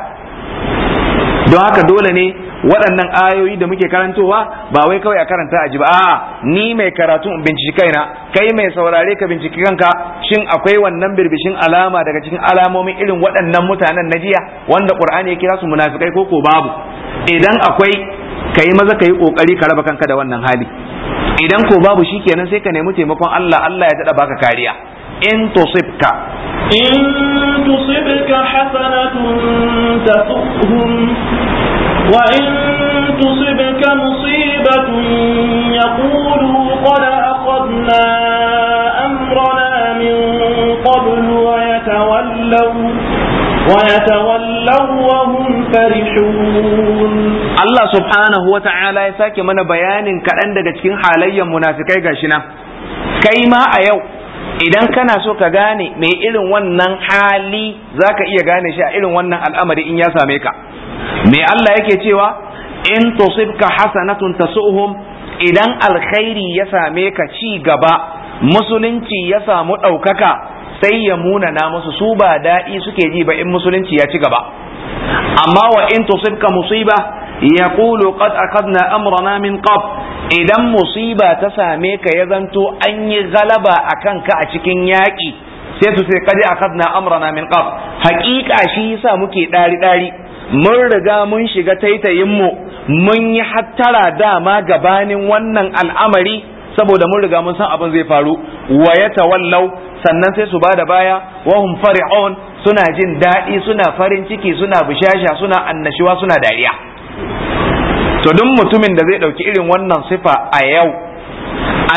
don haka dole ne waɗannan ayoyi da muke karantowa ba wai kawai a karanta a ji ba a'a ni mai karatu in binciki kaina kai mai saurare ka binciki kanka shin akwai wannan birbishin alama daga cikin alamomin irin waɗannan mutanen na jiya wanda qur'ani ya kira su munafikai ko ko babu idan akwai kai maza kai kokari ka raba kanka da wannan hali idan ko babu shikenan sai ka nemi taimakon Allah Allah ya dada baka kariya in tusibka in tusibka hasanatun tasuhum وإن تصبك مصيبة يقولوا قد أخذنا أمرنا من قبل ويتولوا ويتولوا وهم فرحون الله سبحانه وتعالى يساكي من بيان كأن دقتكين حاليا منافقين قاشنا كيما أيو idan kana so ka gane mai irin wannan hali za ka iya gane shi a irin wannan al'amari in ya same ka me Allah yake cewa in tusibka hasanatun tasuhum idan alkhairi ya same ka ci gaba musulunci ya samu ɗaukaka sai ya munana musu su ba daɗi suke ji ba in musulunci ya ci gaba amma wa in tusibka musiba yaqulu qad akadna amrana min qab idan musiba ta same ka ya zanto an yi galaba akan ka a cikin yaƙi sai su sai kadi akadna amrana min qab haƙiƙa shi yasa muke ɗari ɗari mun riga mun shiga taitayinmu mun yi hattara dama gabanin wannan al'amari saboda mun riga mun san abin zai faru wa ya tawallau sannan sai su bada baya wa hum fari'un suna jin daɗi suna farin ciki suna bishasha suna annashuwa suna dariya to duk mutumin da zai ɗauki irin wannan sifa a yau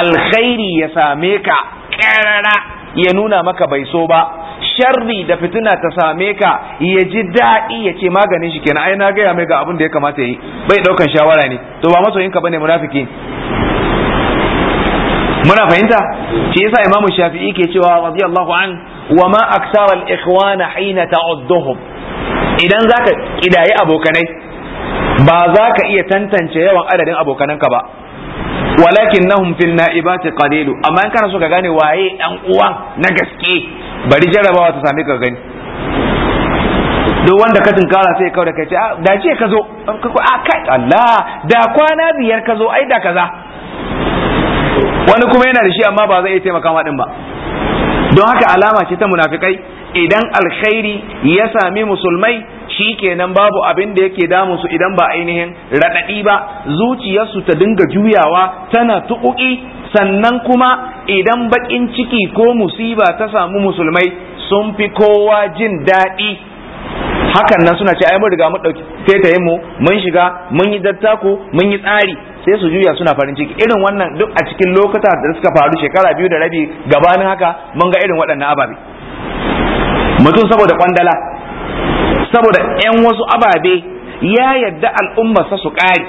alkhairi ya same ka ƙarara ya nuna maka bai so ba sharri da fitina ta same ka ya ji daɗi ya ce maganin shi kenan ai na gaya mai ga abin da ya kamata yi bai ɗaukan shawara ne to ba masoyin ka bane munafiki muna fahimta shi yasa imamu shafi'i ke cewa radiyallahu an wa ma aksara al-ikhwana hina ta'udduhum idan zaka kidaye abokanai ba za ka iya tantance yawan adadin abokananka ba walakin nahum fil na'ibati qalilu amma in kana so ka gane waye dan uwa na gaske bari jarabawa ta sami ka gani duk wanda ka tunkara sai kawai da kai ce ah, da ce ka zo a ah, kai Allah da kwana biyar ka zo ai da kaza wani kuma yana da shi amma ba zai iya taimaka ma din ba don haka alama ce ta munafikai idan alkhairi ya sami musulmai kenan babu abin da yake damun su idan ba ainihin raɗaɗi ba zuciyarsu ta dinga juyawa tana tuƙuƙi sannan kuma idan baƙin ciki ko musiba ta samu musulmai sun fi kowa jin daɗi hakan nan suna ce ai mun riga mun dauki tetayen mu mun shiga mun yi dattako mun yi tsari sai su juya suna farin ciki irin wannan duk a cikin lokuta da suka faru shekara biyu da rabi gabanin haka mun ga irin waɗannan ababe mutum saboda kwandala saboda ‘yan wasu ababe ya yadda al'ummarsa su ƙari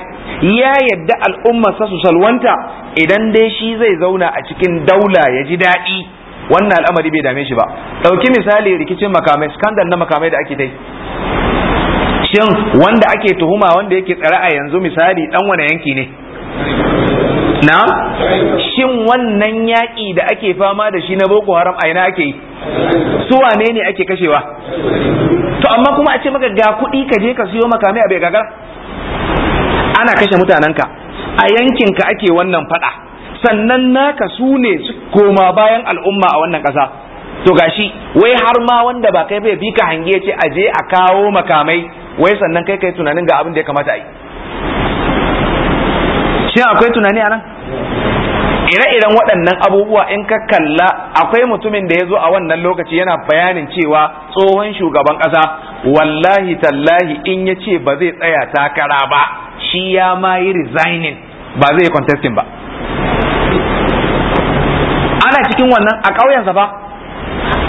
ya yadda al'ummarsa su salwanta idan dai shi zai zauna a cikin daula ya ji daɗi wannan al'amari bai dame shi ba ɗauki misali rikicin makamai skandal na makamai da ake dai. shin wanda ake tuhuma wanda yake tsare a yanzu misali ɗan wani yanki ne na shin wannan yaƙi da ake fama da shi na boko haram a ina ake yi su wane ne ake kashewa to amma kuma a ce maka ga kuɗi ka je ka siyo makami a bai gagara ana kashe mutanenka a yankinka ake wannan faɗa sannan naka su ne koma bayan al'umma a wannan ƙasa to gashi wai har ma wanda ba kai bai bi ka hange ce a je a kawo makamai wai sannan kai kai tunanin ga abin da ya kamata a yi shin akwai tunani a nan ire-iren waɗannan abubuwa in ka kalla akwai mutumin da ya zo a wannan lokaci yana bayanin cewa tsohon shugaban ƙasa wallahi tallahi in ya ce ba zai tsaya takara ba shi ya ma yi resigning ba zai yi contesting ba ana cikin wannan a ƙauyensa ba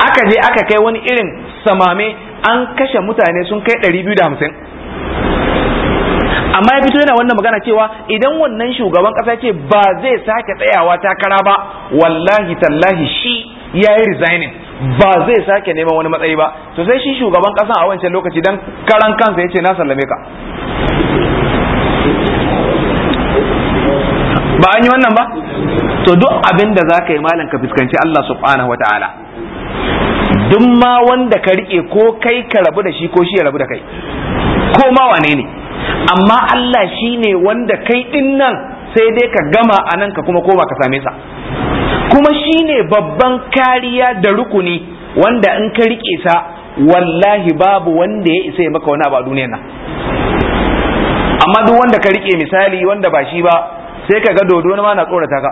aka je aka kai wani irin samame an kashe mutane sun kai 250 amma ya fito yana wannan magana cewa idan wannan shugaban kasa ce ba zai sake tsayawa takara ba wallahi tallahi shi ya yi resigning ba zai sake neman wani matsayi ba to sai shi shugaban kasa a wancan lokaci dan karan kansa ce na sallame ka ba an yi wannan ba to duk abin da za ka yi malam ka fuskanci Allah subhanahu wa duk ma wanda ka riƙe ko kai ka rabu da shi ko shi ya rabu da kai ko ma wane ne amma Allah shi ne wanda kai din nan sai dai ka gama a nan ka kuma koma ka same sa kuma shi ne babban kariya da rukuni wanda in ka rike sa wallahi babu wanda ya isa ya maka wani abu a duniyar nan amma duk wanda ka rike misali wanda ba shi ba sai ka ga dodo ma na tsorata ka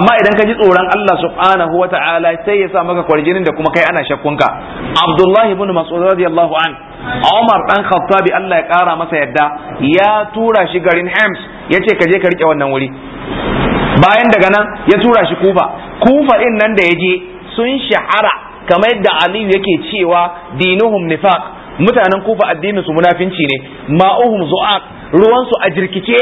amma idan ka ji tsoron Allah subhanahu wa ta'ala sai ya sa maka kwarjinin da kuma kai ana shakkunka Abdullahi ibn Mas'ud radiyallahu an Omar dan Khattabi Allah ya kara masa yadda ya tura shi garin Hems yace ka je ka rike wannan wuri bayan daga nan ya tura shi Kufa Kufa din nan da yaje sun shahara kamar yadda Aliyu yake cewa dinuhum nifaq mutanen kufa addinin su munafinci ne ma'uhum zu'aq ruwan su a jirkice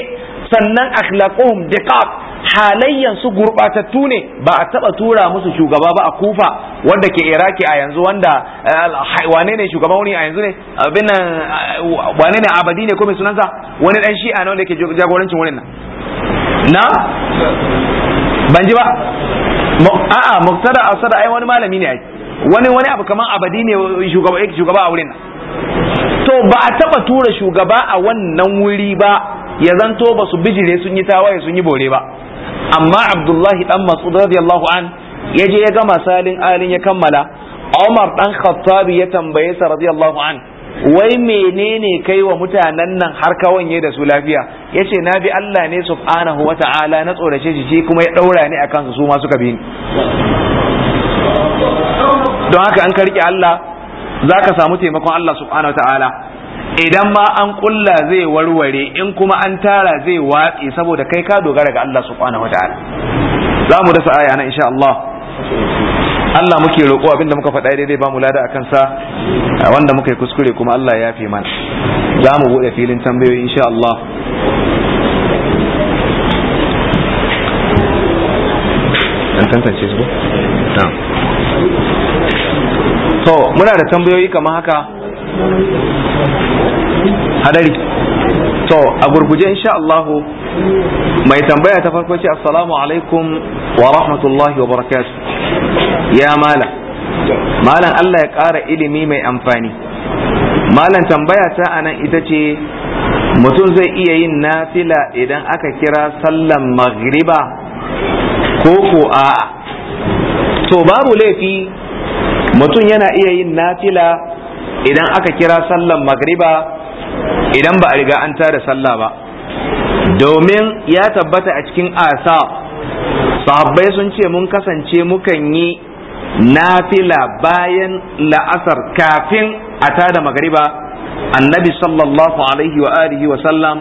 sannan akhlaquhum diqaq halayyan su gurbatattu ne ba a taba tura musu shugaba ba a kufa wanda ke iraki a yanzu wanda eh, wane ne shugaban wani a yanzu ne abin nan eh, wane ne abadi ne ko mai sunansa wani dan shi'a ne wanda ke jagorancin wurin nan na ban ji ba a'a muktada asada ai wani malami ne ai wani wani abu kaman abadi ne shugaba shugaba a wurin nan to ba a taba tura shugaba a wannan wuri ba ya zanto ba su bijire sun yi tawaye sun yi bore ba amma abdullahi dan mas'ud radiyallahu an ya je ya gama salin alin ya kammala umar dan khattabi ya tambaye sa radiyallahu an wai menene kai wa mutanen nan har ka wanye da su lafiya yace na bi Allah ne subhanahu wata'ala na tsorace shi kuma ya daura ni akan su su ma suka bi ni don haka an ka rike Allah zaka samu taimakon Allah subhanahu wata'ala idan ma an kulla zai warware in kuma an tara zai watsi saboda kai ka dogara ga Allah subhanahu wataala za mu dasa aya na insha Allah Allah muke roƙo abinda muka faɗa daidai ba mu lada akan sa wanda muka yi kuskure kuma Allah ya yafe mana za mu buɗe filin tambayoyi insha Allah an tantance su to muna da tambayoyi kamar haka hadari to a gurguje insha Allahu mai tambaya ta farko ce assalamu alaikum wa rahmatullahi wa barakatuh ya malam malam Allah ya ƙara ilimi mai amfani malam tambaya ta anan ita ce mutum zai iya yin nafila idan aka kira sallan maghriba ko ko a to babu laifi mutum yana iya yin nafila idan aka kira sallan magriba idan ba a riga an tada sallah ba domin ya tabbata a cikin asa sahabbai sun ce mun kasance mukan yi nafila bayan la'asar kafin a tada magriba annabi sallallahu alaihi wa alihi wa sallam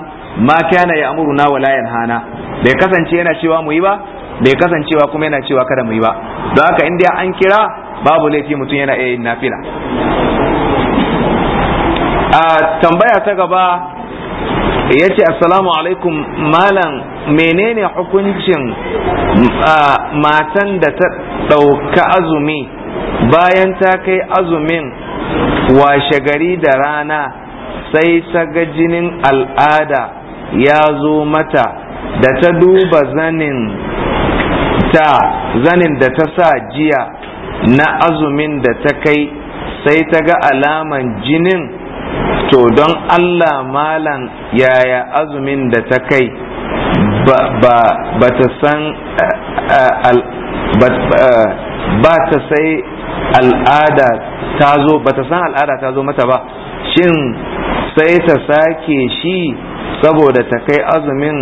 ma kana ya amuruna wa la yanhana bai kasance yana cewa mu yi ba bai kasancewa kuma yana cewa kada mu yi ba don haka in an kira babu laifi mutum yana iya yin nafila a tambaya ta gaba ya ce assalamu alaikum malam menene hukuncin matan da ta ɗauka azumi bayan ta kai azumin washe gari da rana sai ta ga jinin al'ada ya zo mata da ta duba zanin ta zanin da ta sa jiya na azumin da ta kai sai ta ga alaman jinin to don Allah malam yaya azumin da ta kai ba ta san eh, eh, eh, ba ta sai al'ada ta zo ba ta san al'ada ta zo mata ba shin sai ta sake shi saboda ta kai azumin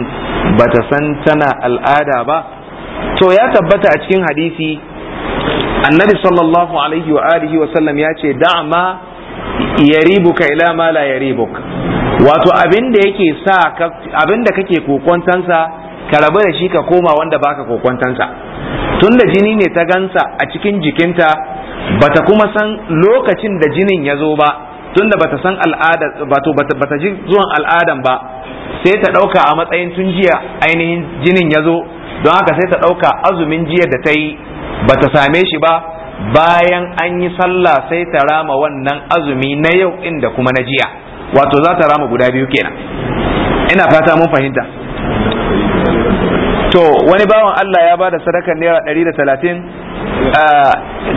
ba ta san tana al'ada ba to ya tabbata a cikin hadisi annabi sallallahu alaihi wa alihi wa sallam ya ce da'ama yaribuka ila ma la yaribuka wato abin da yake sa abin da kake kokontansa ka rabu da shi ka koma wanda baka kokontansa tun da jini ne ta gansa a cikin jikinta bata kuma san lokacin da jinin ya zo ba tun bata san al'ada bata ji zuwan al'adan ba sai ta ɗauka a matsayin tun jiya ainihin jinin ya zo don haka sai ta ɗauka azumin jiya da ta yi bata same shi ba bayan an yi sallah sai ta rama wannan azumi na yau inda kuma na jiya wato za ta rama guda biyu kenan ina fata mun fahimta to wani bawan Allah ya bada sadakar naira ɗari da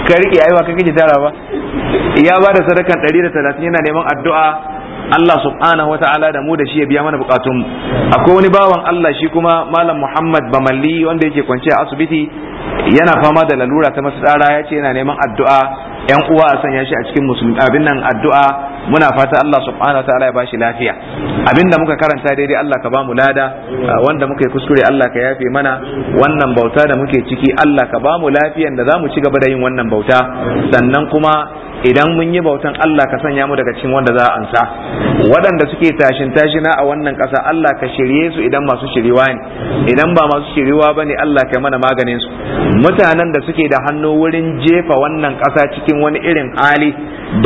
ka riƙe aiwa kake ji tara ba ya bada sadakar ɗari da talatin yana neman addu'a Allah subhanahu wata'ala da mu da shi ya biya mana bukatun akwai wani bawan Allah shi kuma malam Muhammad Bamalli wanda yake kwance a asibiti yana fama da lalura ta masu tsara ya ce yana neman addu'a yan uwa a sanya shi a cikin musulmi abin nan addu'a muna fata Allah subhanahu wataala ya bashi lafiya abinda muka karanta daidai Allah ka bamu lada wanda muka yi kuskure Allah ka yafe mana wannan bauta da muke ciki Allah ka bamu lafiyan da zamu ci gaba da yin wannan bauta sannan kuma idan mun yi bautan Allah ka sanya mu daga cikin wanda za a ansa waɗanda suke tashin tashina a wannan ƙasa Allah ka shirye su idan masu shiriwa ne idan ba masu shiriwa ba ne Allah ka mana maganin su mutanen da suke da hannu wurin jefa wannan ƙasa cikin wani irin hali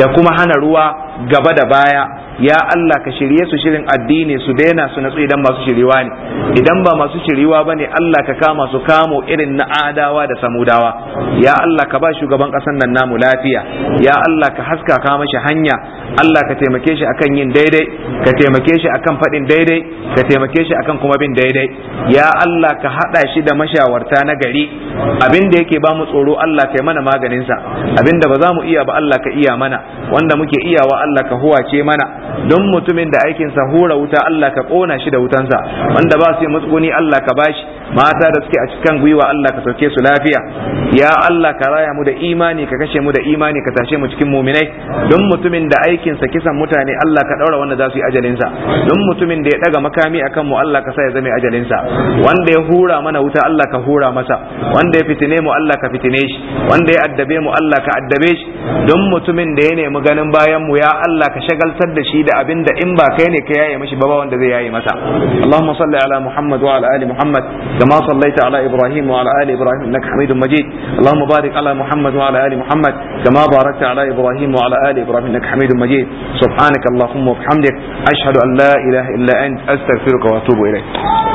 da kuma hana ruwa gaba da baya ya Allah ka shirye su shirin addini su daina su natsu idan masu shiriwa ne idan ba masu shiriwa ba ne Allah ka kama su kamo irin na adawa da samudawa ya Allah ka ba shugaban ƙasar nan namu lafiya ya Allah ka haska ka mashi hanya Allah ka taimake shi akan yin daidai ka taimake shi akan faɗin daidai ka taimake shi akan kuma bin daidai ya Allah ka haɗa shi da mashawarta na gari abin da yake ba mu tsoro Allah ka yi mana maganinsa abin da ba za mu iya ba Allah ka iya mana wanda muke iyawa Allah ka huwace mana don mutumin da aikinsa hura wuta Allah ka kona shi da wutansa wanda ba su yi mutsuni Allah ka bashi mata da suke a cikin gwiwa Allah ka sauke su lafiya ya Allah ka raya mu da imani ka kashe mu da imani ka tashe mu cikin muminai don mutumin da aikinsa kisan mutane Allah ka daura wanda za su yi ajalinsa don mutumin da ya daga makami akan mu Allah ka sa ya zame ajalinsa wanda ya hura mana wuta Allah ka hura masa wanda ya fitine mu Allah ka fitine shi wanda ya addabe mu Allah ka addabe shi don mutumin da ya nemi ganin bayan mu ya Allah ka shagaltar da shi shi da abin da in ba kai ne ka yaye mishi ba wanda zai yaye masa Allahumma salli ala Muhammad wa ala ali Muhammad kama sallaita ala Ibrahim wa ala ali Ibrahim innaka Hamidum Majid Allahumma barik ala Muhammad wa ala ali Muhammad kama barakta ala Ibrahim wa ala ali Ibrahim innaka Hamidum Majid subhanaka Allahumma wa bihamdik ashhadu an la ilaha illa ant astaghfiruka wa atubu ilayk